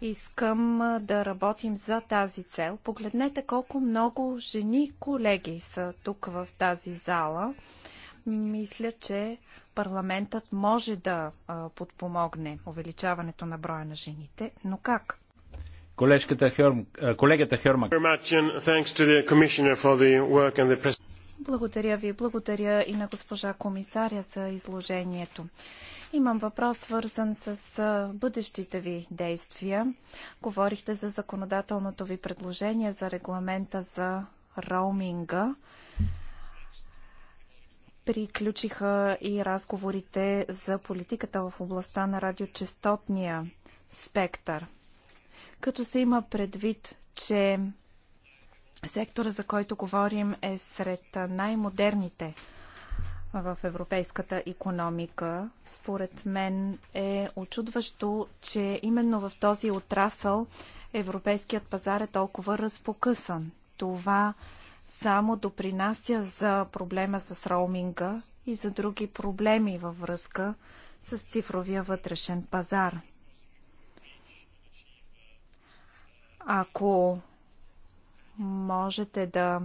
Искам да работим за тази цел. Погледнете колко много жени колеги са тук в тази зала. Мисля, че парламентът може да подпомогне увеличаването на броя на жените, но как? Колежката Хьорм, колегата Хьормак. Благодаря ви. Благодаря и на госпожа комисаря за изложението. Имам въпрос, свързан с бъдещите ви действия. Говорихте за законодателното ви предложение за регламента за роуминга приключиха и разговорите за политиката в областта на радиочастотния спектър. Като се има предвид, че сектора, за който говорим, е сред най-модерните в европейската економика. Според мен е очудващо, че именно в този отрасъл европейският пазар е толкова разпокъсан. Това само допринася за проблема с роуминга и за други проблеми във връзка с цифровия вътрешен пазар. Ако можете да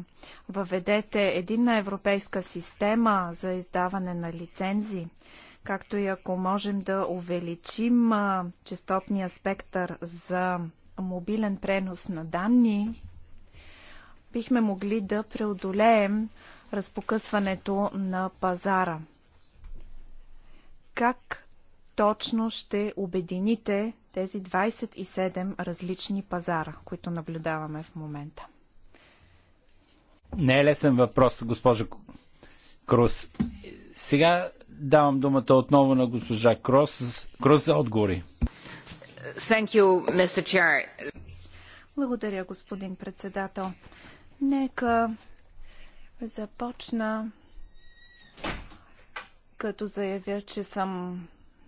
въведете единна европейска система за издаване на лицензи, както и ако можем да увеличим частотния спектър за мобилен пренос на данни, бихме могли да преодолеем разпокъсването на пазара. Как точно ще обедините тези 27 различни пазара, които наблюдаваме в момента? Не е лесен въпрос, госпожо Крус. Сега давам думата отново на госпожа Крус, Крус за отговори. Thank you, Mr. Chair. Благодаря, господин председател. Нека започна като заявя, че съм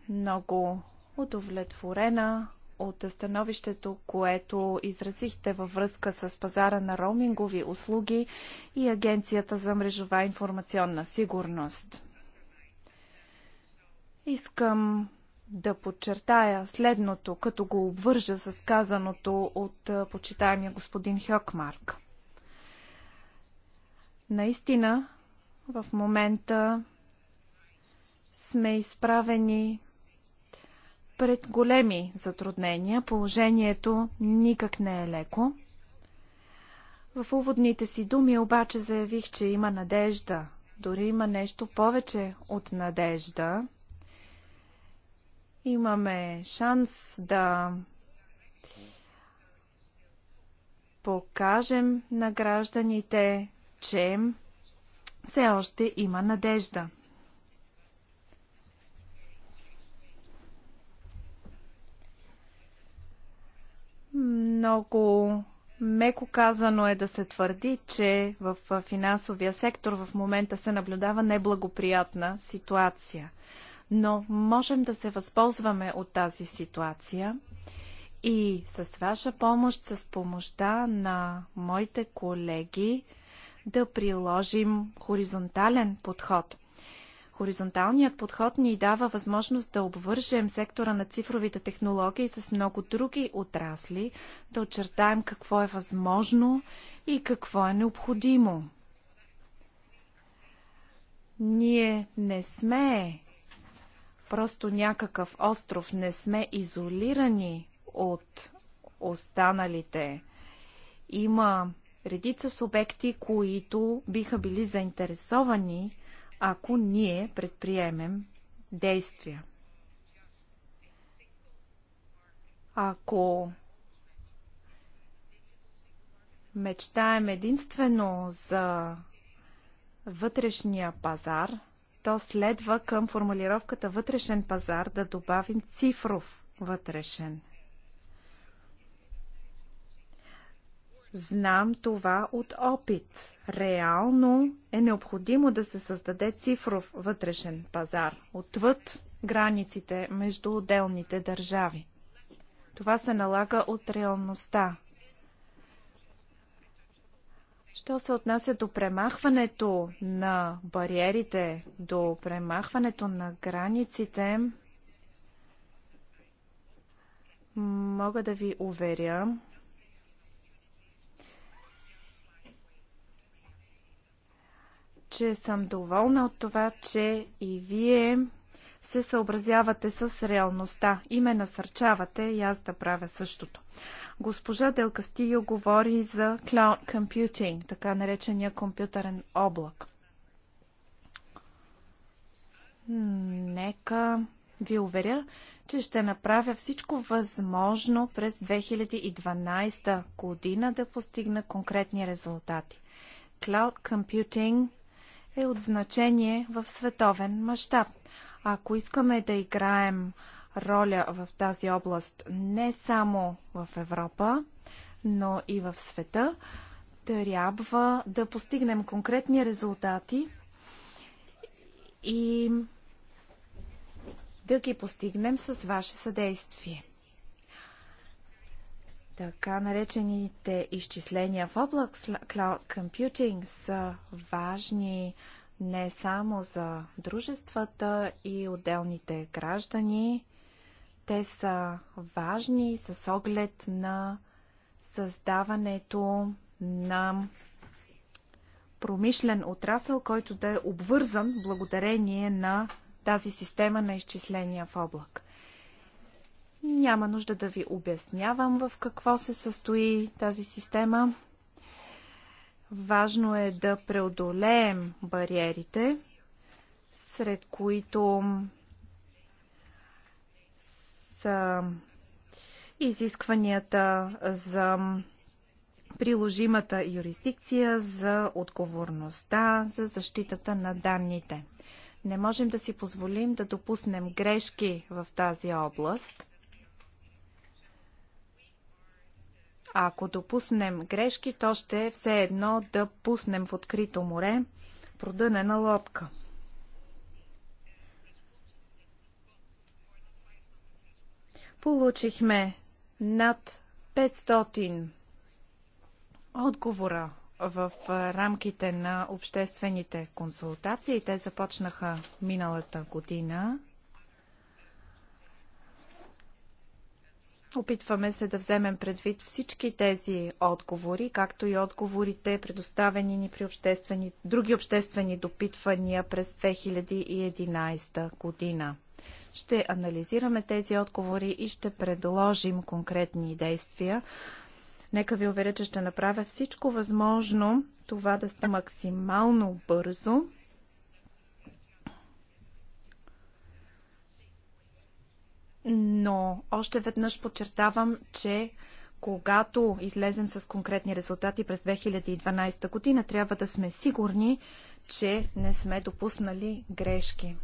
много удовлетворена от становището, което изразихте във връзка с пазара на роумингови услуги и Агенцията за мрежова информационна сигурност. Искам да подчертая следното, като го обвържа с казаното от почитаемия господин Хьокмарк. Наистина, в момента сме изправени пред големи затруднения. Положението никак не е леко. В уводните си думи обаче заявих, че има надежда. Дори има нещо повече от надежда. Имаме шанс да покажем на гражданите, че все още има надежда. Много меко казано е да се твърди, че в финансовия сектор в момента се наблюдава неблагоприятна ситуация. Но можем да се възползваме от тази ситуация и с ваша помощ, с помощта на моите колеги, да приложим хоризонтален подход. Хоризонталният подход ни дава възможност да обвържем сектора на цифровите технологии с много други отрасли, да очертаем какво е възможно и какво е необходимо. Ние не сме просто някакъв остров, не сме изолирани от останалите. Има редица субекти, които биха били заинтересовани ако ние предприемем действия. Ако мечтаем единствено за вътрешния пазар, то следва към формулировката вътрешен пазар да добавим цифров вътрешен Знам това от опит. Реално е необходимо да се създаде цифров вътрешен пазар, отвъд границите между отделните държави. Това се налага от реалността. Що се отнася до премахването на бариерите, до премахването на границите, мога да ви уверя, че съм доволна от това, че и вие се съобразявате с реалността и ме насърчавате и аз да правя същото. Госпожа Делкастио говори за cloud computing, така наречения компютърен облак. Нека ви уверя, че ще направя всичко възможно през 2012 година да постигна конкретни резултати. Cloud Computing е от значение в световен мащаб. Ако искаме да играем роля в тази област не само в Европа, но и в света, трябва да постигнем конкретни резултати и да ги постигнем с ваше съдействие. Така наречените изчисления в облак Cloud Computing са важни не само за дружествата и отделните граждани. Те са важни с оглед на създаването на промишлен отрасъл, който да е обвързан благодарение на тази система на изчисления в облак. Няма нужда да ви обяснявам в какво се състои тази система. Важно е да преодолеем бариерите, сред които са изискванията за приложимата юрисдикция, за отговорността, за защитата на данните. Не можем да си позволим да допуснем грешки в тази област – А ако допуснем грешки, то ще е все едно да пуснем в открито море продънена лодка. Получихме над 500 отговора в рамките на обществените консултации. Те започнаха миналата година. Опитваме се да вземем предвид всички тези отговори, както и отговорите, предоставени ни при обществени, други обществени допитвания през 2011 година. Ще анализираме тези отговори и ще предложим конкретни действия. Нека ви уверя, че ще направя всичко възможно това да сте максимално бързо, Но още веднъж подчертавам, че когато излезем с конкретни резултати през 2012 година, трябва да сме сигурни, че не сме допуснали грешки.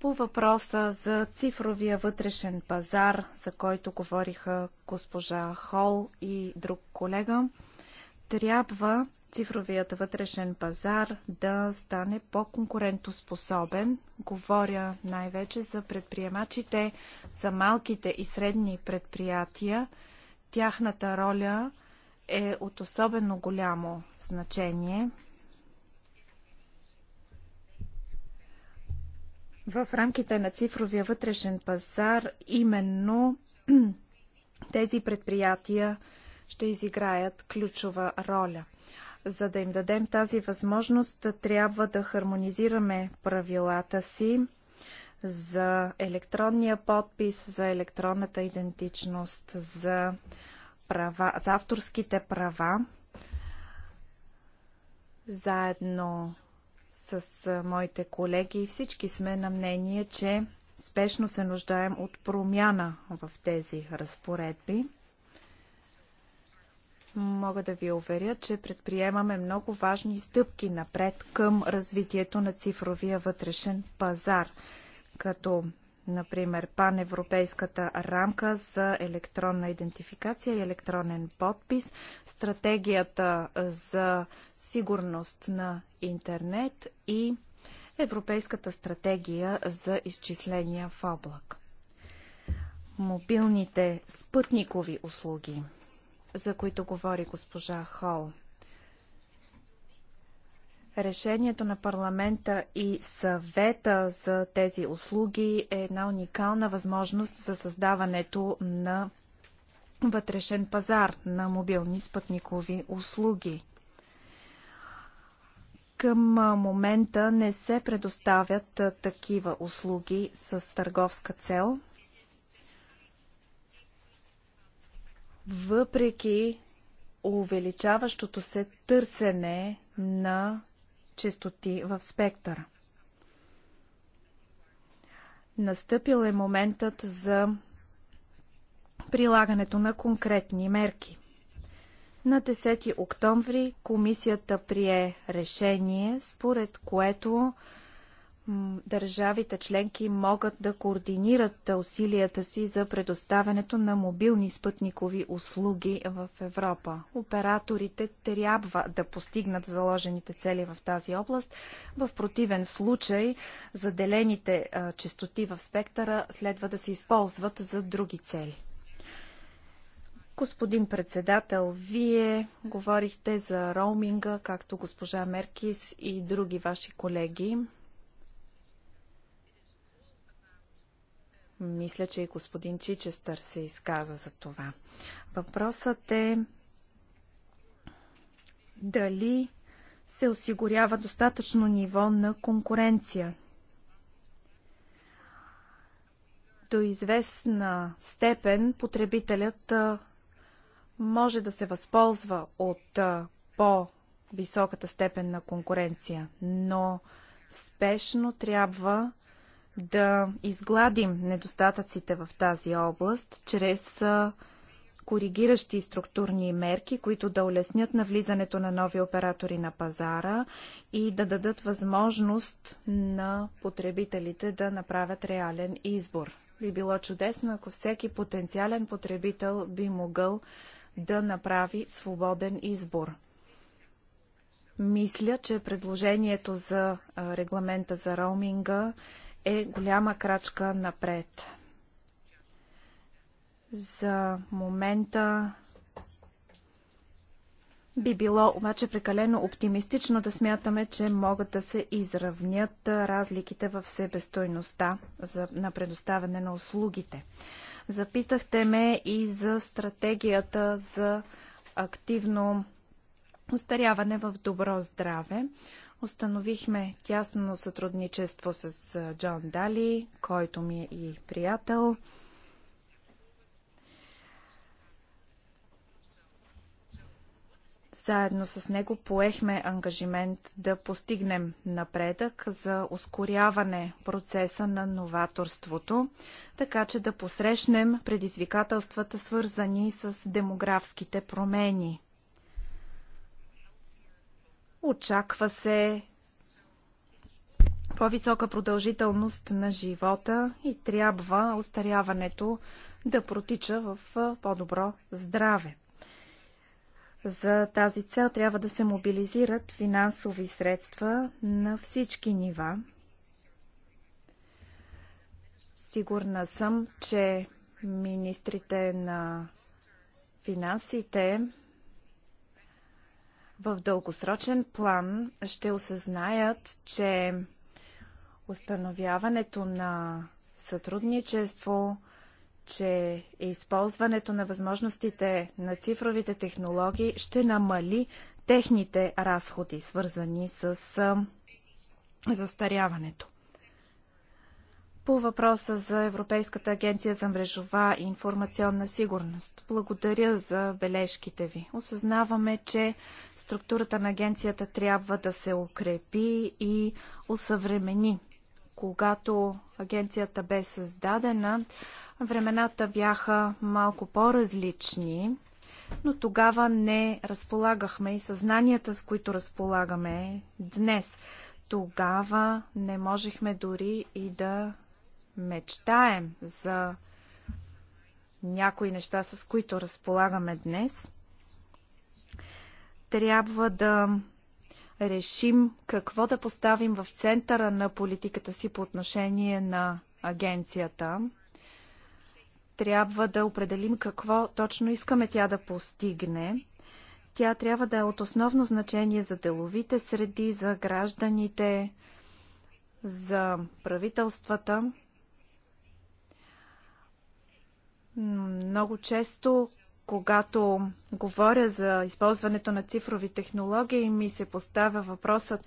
По въпроса за цифровия вътрешен пазар, за който говориха госпожа Хол и друг колега, трябва цифровият вътрешен пазар да стане по-конкурентоспособен. Говоря най-вече за предприемачите, за малките и средни предприятия. Тяхната роля е от особено голямо значение. В рамките на цифровия вътрешен пазар именно тези предприятия ще изиграят ключова роля. За да им дадем тази възможност, трябва да хармонизираме правилата си за електронния подпис, за електронната идентичност, за, права, за авторските права. Заедно с моите колеги и всички сме на мнение, че спешно се нуждаем от промяна в тези разпоредби. Мога да ви уверя, че предприемаме много важни стъпки напред към развитието на цифровия вътрешен пазар, като например паневропейската рамка за електронна идентификация и електронен подпис, стратегията за сигурност на интернет и Европейската стратегия за изчисления в облак. Мобилните спътникови услуги за които говори госпожа Хол. Решението на парламента и съвета за тези услуги е една уникална възможност за създаването на вътрешен пазар на мобилни спътникови услуги. Към момента не се предоставят такива услуги с търговска цел – въпреки увеличаващото се търсене на честоти в спектъра. Настъпил е моментът за прилагането на конкретни мерки. На 10 октомври комисията прие решение, според което държавите членки могат да координират усилията си за предоставянето на мобилни спътникови услуги в Европа. Операторите трябва да постигнат заложените цели в тази област. В противен случай заделените частоти в спектъра следва да се използват за други цели. Господин председател, вие говорихте за роуминга, както госпожа Меркис и други ваши колеги. Мисля, че и господин Чичестър се изказа за това. Въпросът е дали се осигурява достатъчно ниво на конкуренция. До известна степен потребителят може да се възползва от по-високата степен на конкуренция, но спешно трябва да изгладим недостатъците в тази област чрез коригиращи структурни мерки, които да улеснят навлизането на нови оператори на пазара и да дадат възможност на потребителите да направят реален избор. Би било чудесно, ако всеки потенциален потребител би могъл да направи свободен избор. Мисля, че предложението за регламента за роуминга е голяма крачка напред. За момента би било обаче прекалено оптимистично да смятаме, че могат да се изравнят разликите в себестойността за, на предоставяне на услугите. Запитахте ме и за стратегията за активно устаряване в добро здраве. Установихме тясно сътрудничество с Джон Дали, който ми е и приятел. Заедно с него поехме ангажимент да постигнем напредък за ускоряване процеса на новаторството, така че да посрещнем предизвикателствата свързани с демографските промени. Очаква се по-висока продължителност на живота и трябва остаряването да протича в по-добро здраве. За тази цел трябва да се мобилизират финансови средства на всички нива. Сигурна съм, че министрите на финансите в дългосрочен план ще осъзнаят, че установяването на сътрудничество, че използването на възможностите на цифровите технологии ще намали техните разходи, свързани с застаряването по въпроса за Европейската агенция за мрежова и информационна сигурност. Благодаря за бележките ви. Осъзнаваме, че структурата на агенцията трябва да се укрепи и усъвремени. Когато агенцията бе създадена, времената бяха малко по-различни, но тогава не разполагахме и съзнанията, с които разполагаме днес тогава не можехме дори и да мечтаем за някои неща, с които разполагаме днес, трябва да решим какво да поставим в центъра на политиката си по отношение на агенцията. Трябва да определим какво точно искаме тя да постигне. Тя трябва да е от основно значение за деловите среди, за гражданите, за правителствата. Много често, когато говоря за използването на цифрови технологии, ми се поставя въпросът,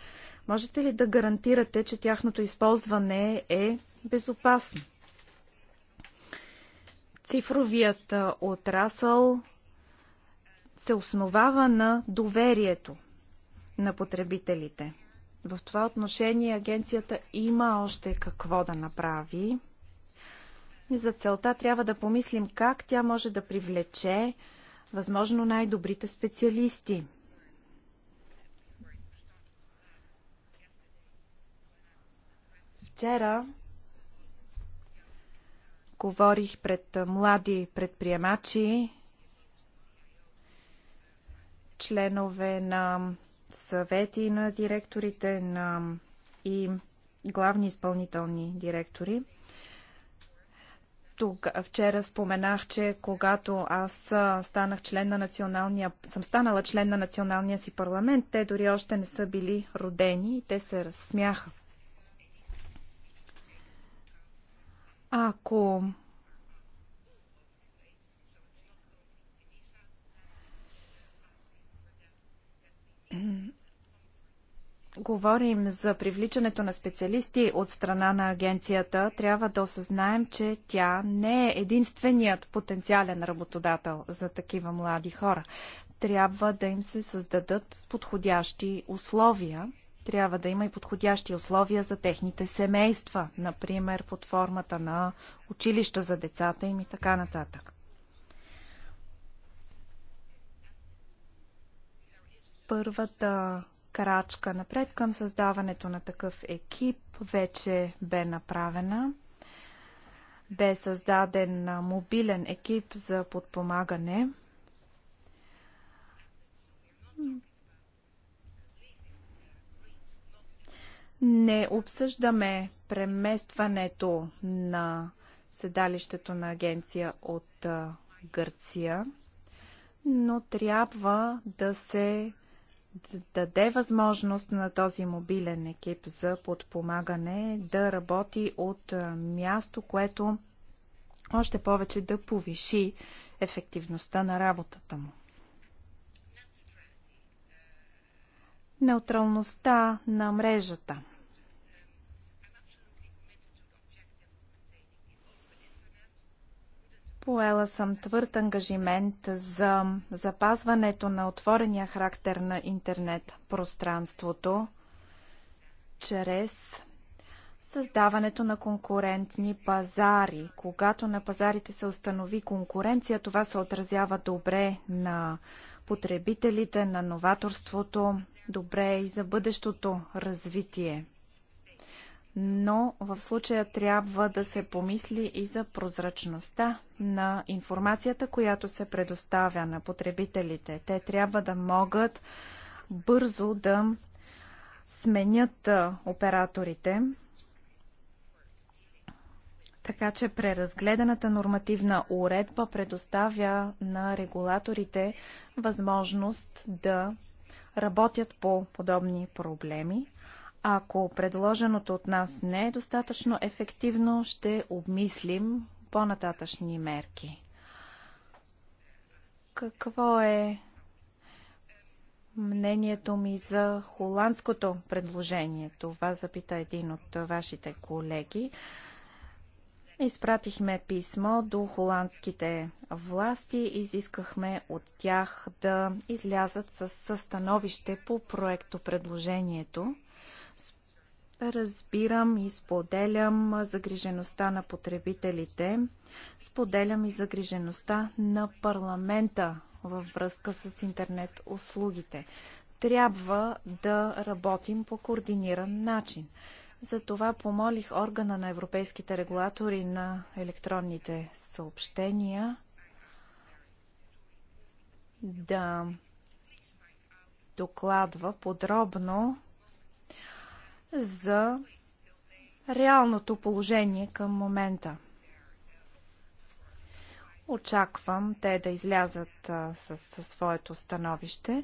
можете ли да гарантирате, че тяхното използване е безопасно? Цифровият отрасъл се основава на доверието на потребителите. В това отношение агенцията има още какво да направи за целта трябва да помислим как тя може да привлече възможно най-добрите специалисти. Вчера говорих пред млади предприемачи, членове на съвети на директорите на и главни изпълнителни директори – тук вчера споменах, че когато аз станах член на националния, съм станала член на националния си парламент, те дори още не са били родени и те се разсмяха. Ако говорим за привличането на специалисти от страна на агенцията, трябва да осъзнаем, че тя не е единственият потенциален работодател за такива млади хора. Трябва да им се създадат подходящи условия. Трябва да има и подходящи условия за техните семейства, например под формата на училища за децата им и така нататък. Първата крачка напред към създаването на такъв екип вече бе направена. Бе създаден мобилен екип за подпомагане. Не обсъждаме преместването на седалището на агенция от Гърция, но трябва да се даде възможност на този мобилен екип за подпомагане да работи от място, което още повече да повиши ефективността на работата му. Неутралността на мрежата Поела съм твърд ангажимент за запазването на отворения характер на интернет пространството чрез създаването на конкурентни пазари. Когато на пазарите се установи конкуренция, това се отразява добре на потребителите, на новаторството, добре и за бъдещото развитие но в случая трябва да се помисли и за прозрачността на информацията, която се предоставя на потребителите. Те трябва да могат бързо да сменят операторите, така че преразгледаната нормативна уредба предоставя на регулаторите възможност да работят по подобни проблеми. Ако предложеното от нас не е достатъчно ефективно, ще обмислим по-нататъчни мерки. Какво е мнението ми за холандското предложение? Това запита един от вашите колеги. Изпратихме писмо до холандските власти, изискахме от тях да излязат с становище по проекто предложението. Разбирам и споделям загрижеността на потребителите. Споделям и загрижеността на парламента във връзка с интернет услугите. Трябва да работим по координиран начин. Затова помолих органа на европейските регулатори на електронните съобщения да докладва подробно за реалното положение към момента. Очаквам те да излязат със своето становище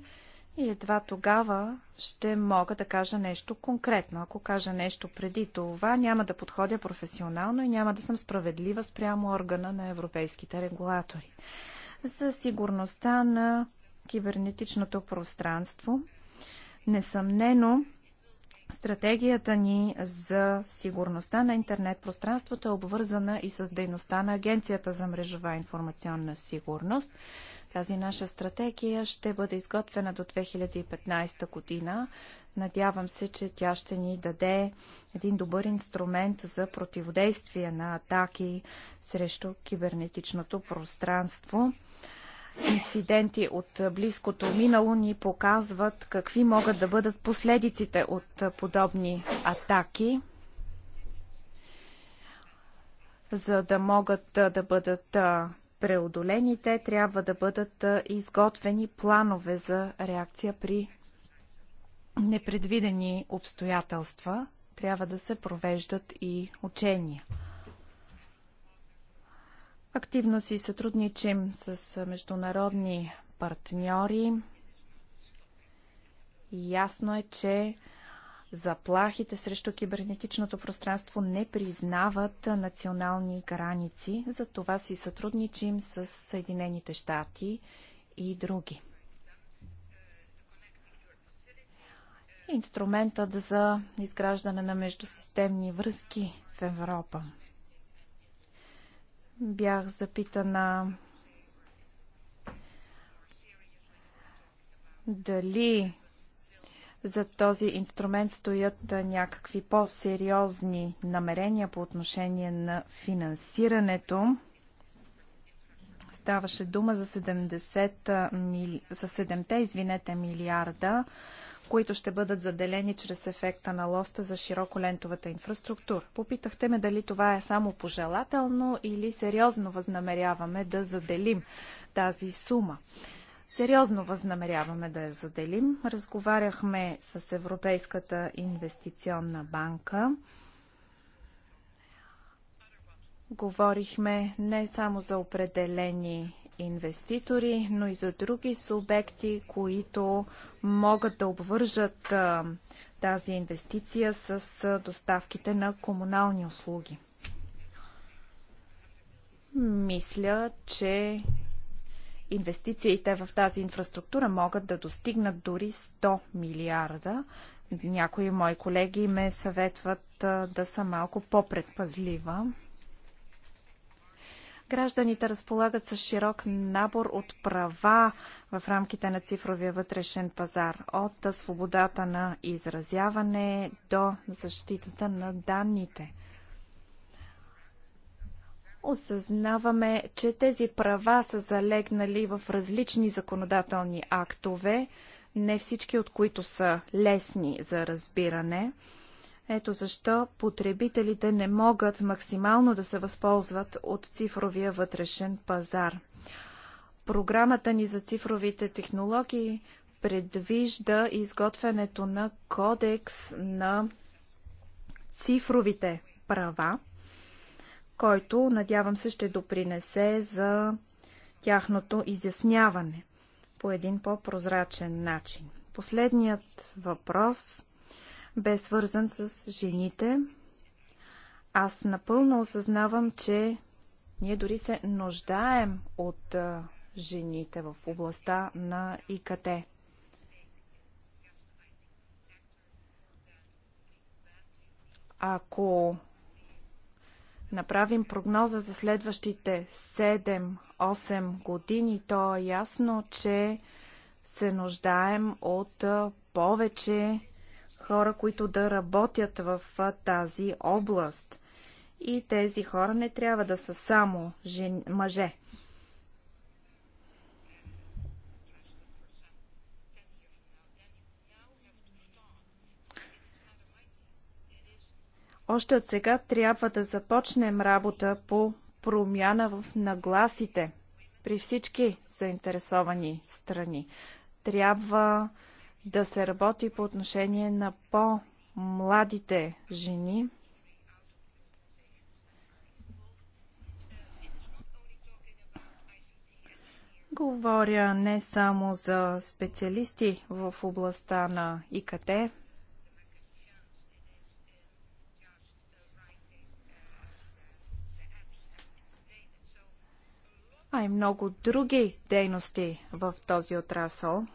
и едва тогава ще мога да кажа нещо конкретно. Ако кажа нещо преди това, няма да подходя професионално и няма да съм справедлива спрямо органа на европейските регулатори. За сигурността на кибернетичното пространство, несъмнено, Стратегията ни за сигурността на интернет пространството е обвързана и с дейността на Агенцията за мрежова информационна сигурност. Тази наша стратегия ще бъде изготвена до 2015 година. Надявам се, че тя ще ни даде един добър инструмент за противодействие на атаки срещу кибернетичното пространство инциденти от близкото минало ни показват какви могат да бъдат последиците от подобни атаки, за да могат да бъдат преодолени, те трябва да бъдат изготвени планове за реакция при непредвидени обстоятелства. Трябва да се провеждат и учения. Активно си сътрудничим с международни партньори. Ясно е, че заплахите срещу кибернетичното пространство не признават национални граници. За това си сътрудничим с Съединените щати и други. Инструментът за изграждане на междусистемни връзки в Европа. Бях запитана дали за този инструмент стоят някакви по-сериозни намерения по отношение на финансирането. Ставаше дума за 70 мили... за 7 извинете, милиарда, които ще бъдат заделени чрез ефекта на лоста за широколентовата инфраструктура. Попитахте ме дали това е само пожелателно или сериозно възнамеряваме да заделим тази сума. Сериозно възнамеряваме да я заделим. Разговаряхме с Европейската инвестиционна банка. Говорихме не само за определени инвеститори, но и за други субекти, които могат да обвържат тази инвестиция с доставките на комунални услуги. Мисля, че инвестициите в тази инфраструктура могат да достигнат дори 100 милиарда. Някои мои колеги ме съветват да съм малко по-предпазлива. Гражданите разполагат с широк набор от права в рамките на цифровия вътрешен пазар, от свободата на изразяване до защитата на данните. Осъзнаваме, че тези права са залегнали в различни законодателни актове, не всички от които са лесни за разбиране. Ето защо потребителите не могат максимално да се възползват от цифровия вътрешен пазар. Програмата ни за цифровите технологии предвижда изготвянето на кодекс на цифровите права, който, надявам се, ще допринесе за тяхното изясняване по един по-прозрачен начин. Последният въпрос бе свързан с жените. Аз напълно осъзнавам, че ние дори се нуждаем от жените в областта на ИКТ. Ако направим прогноза за следващите 7-8 години, то е ясно, че се нуждаем от повече хора, които да работят в тази област. И тези хора не трябва да са само жен... мъже. Още от сега трябва да започнем работа по промяна в нагласите при всички заинтересовани страни. Трябва да се работи по отношение на по-младите жени. Говоря не само за специалисти в областта на ИКТ, а и много други дейности в този отрасъл –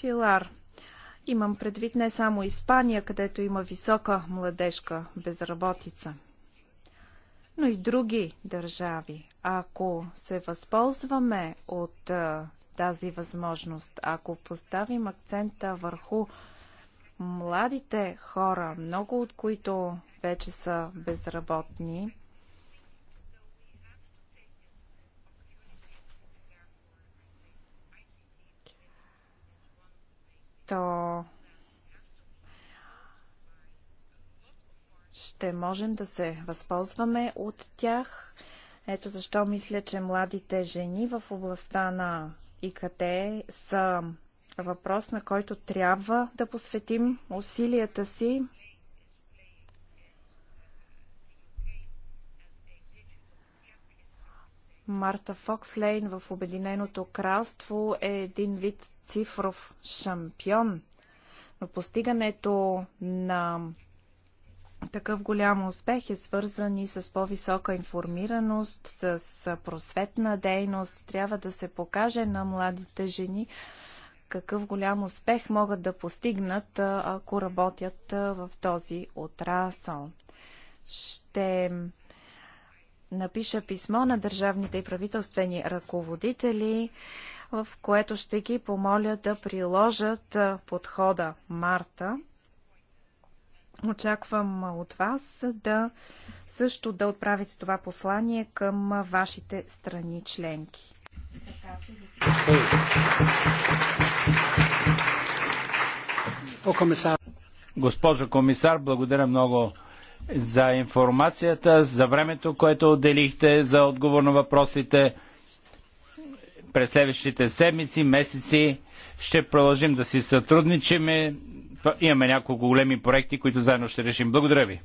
Пилар, имам предвид не само Испания, където има висока младежка безработица, но и други държави. Ако се възползваме от тази възможност, ако поставим акцента върху младите хора, много от които вече са безработни, то ще можем да се възползваме от тях. Ето защо мисля, че младите жени в областта на ИКТ са въпрос, на който трябва да посветим усилията си. Марта Фокслейн в Обединеното кралство е един вид цифров шампион. Но постигането на такъв голям успех е свързан и с по-висока информираност, с просветна дейност. Трябва да се покаже на младите жени какъв голям успех могат да постигнат, ако работят в този отрасъл. Ще напиша писмо на държавните и правителствени ръководители, в което ще ги помоля да приложат подхода Марта. Очаквам от вас да също да отправите това послание към вашите страни членки. Госпожо комисар, благодаря много за информацията, за времето, което отделихте за отговор на въпросите. През следващите седмици, месеци ще продължим да си сътрудничиме. Имаме няколко големи проекти, които заедно ще решим. Благодаря ви.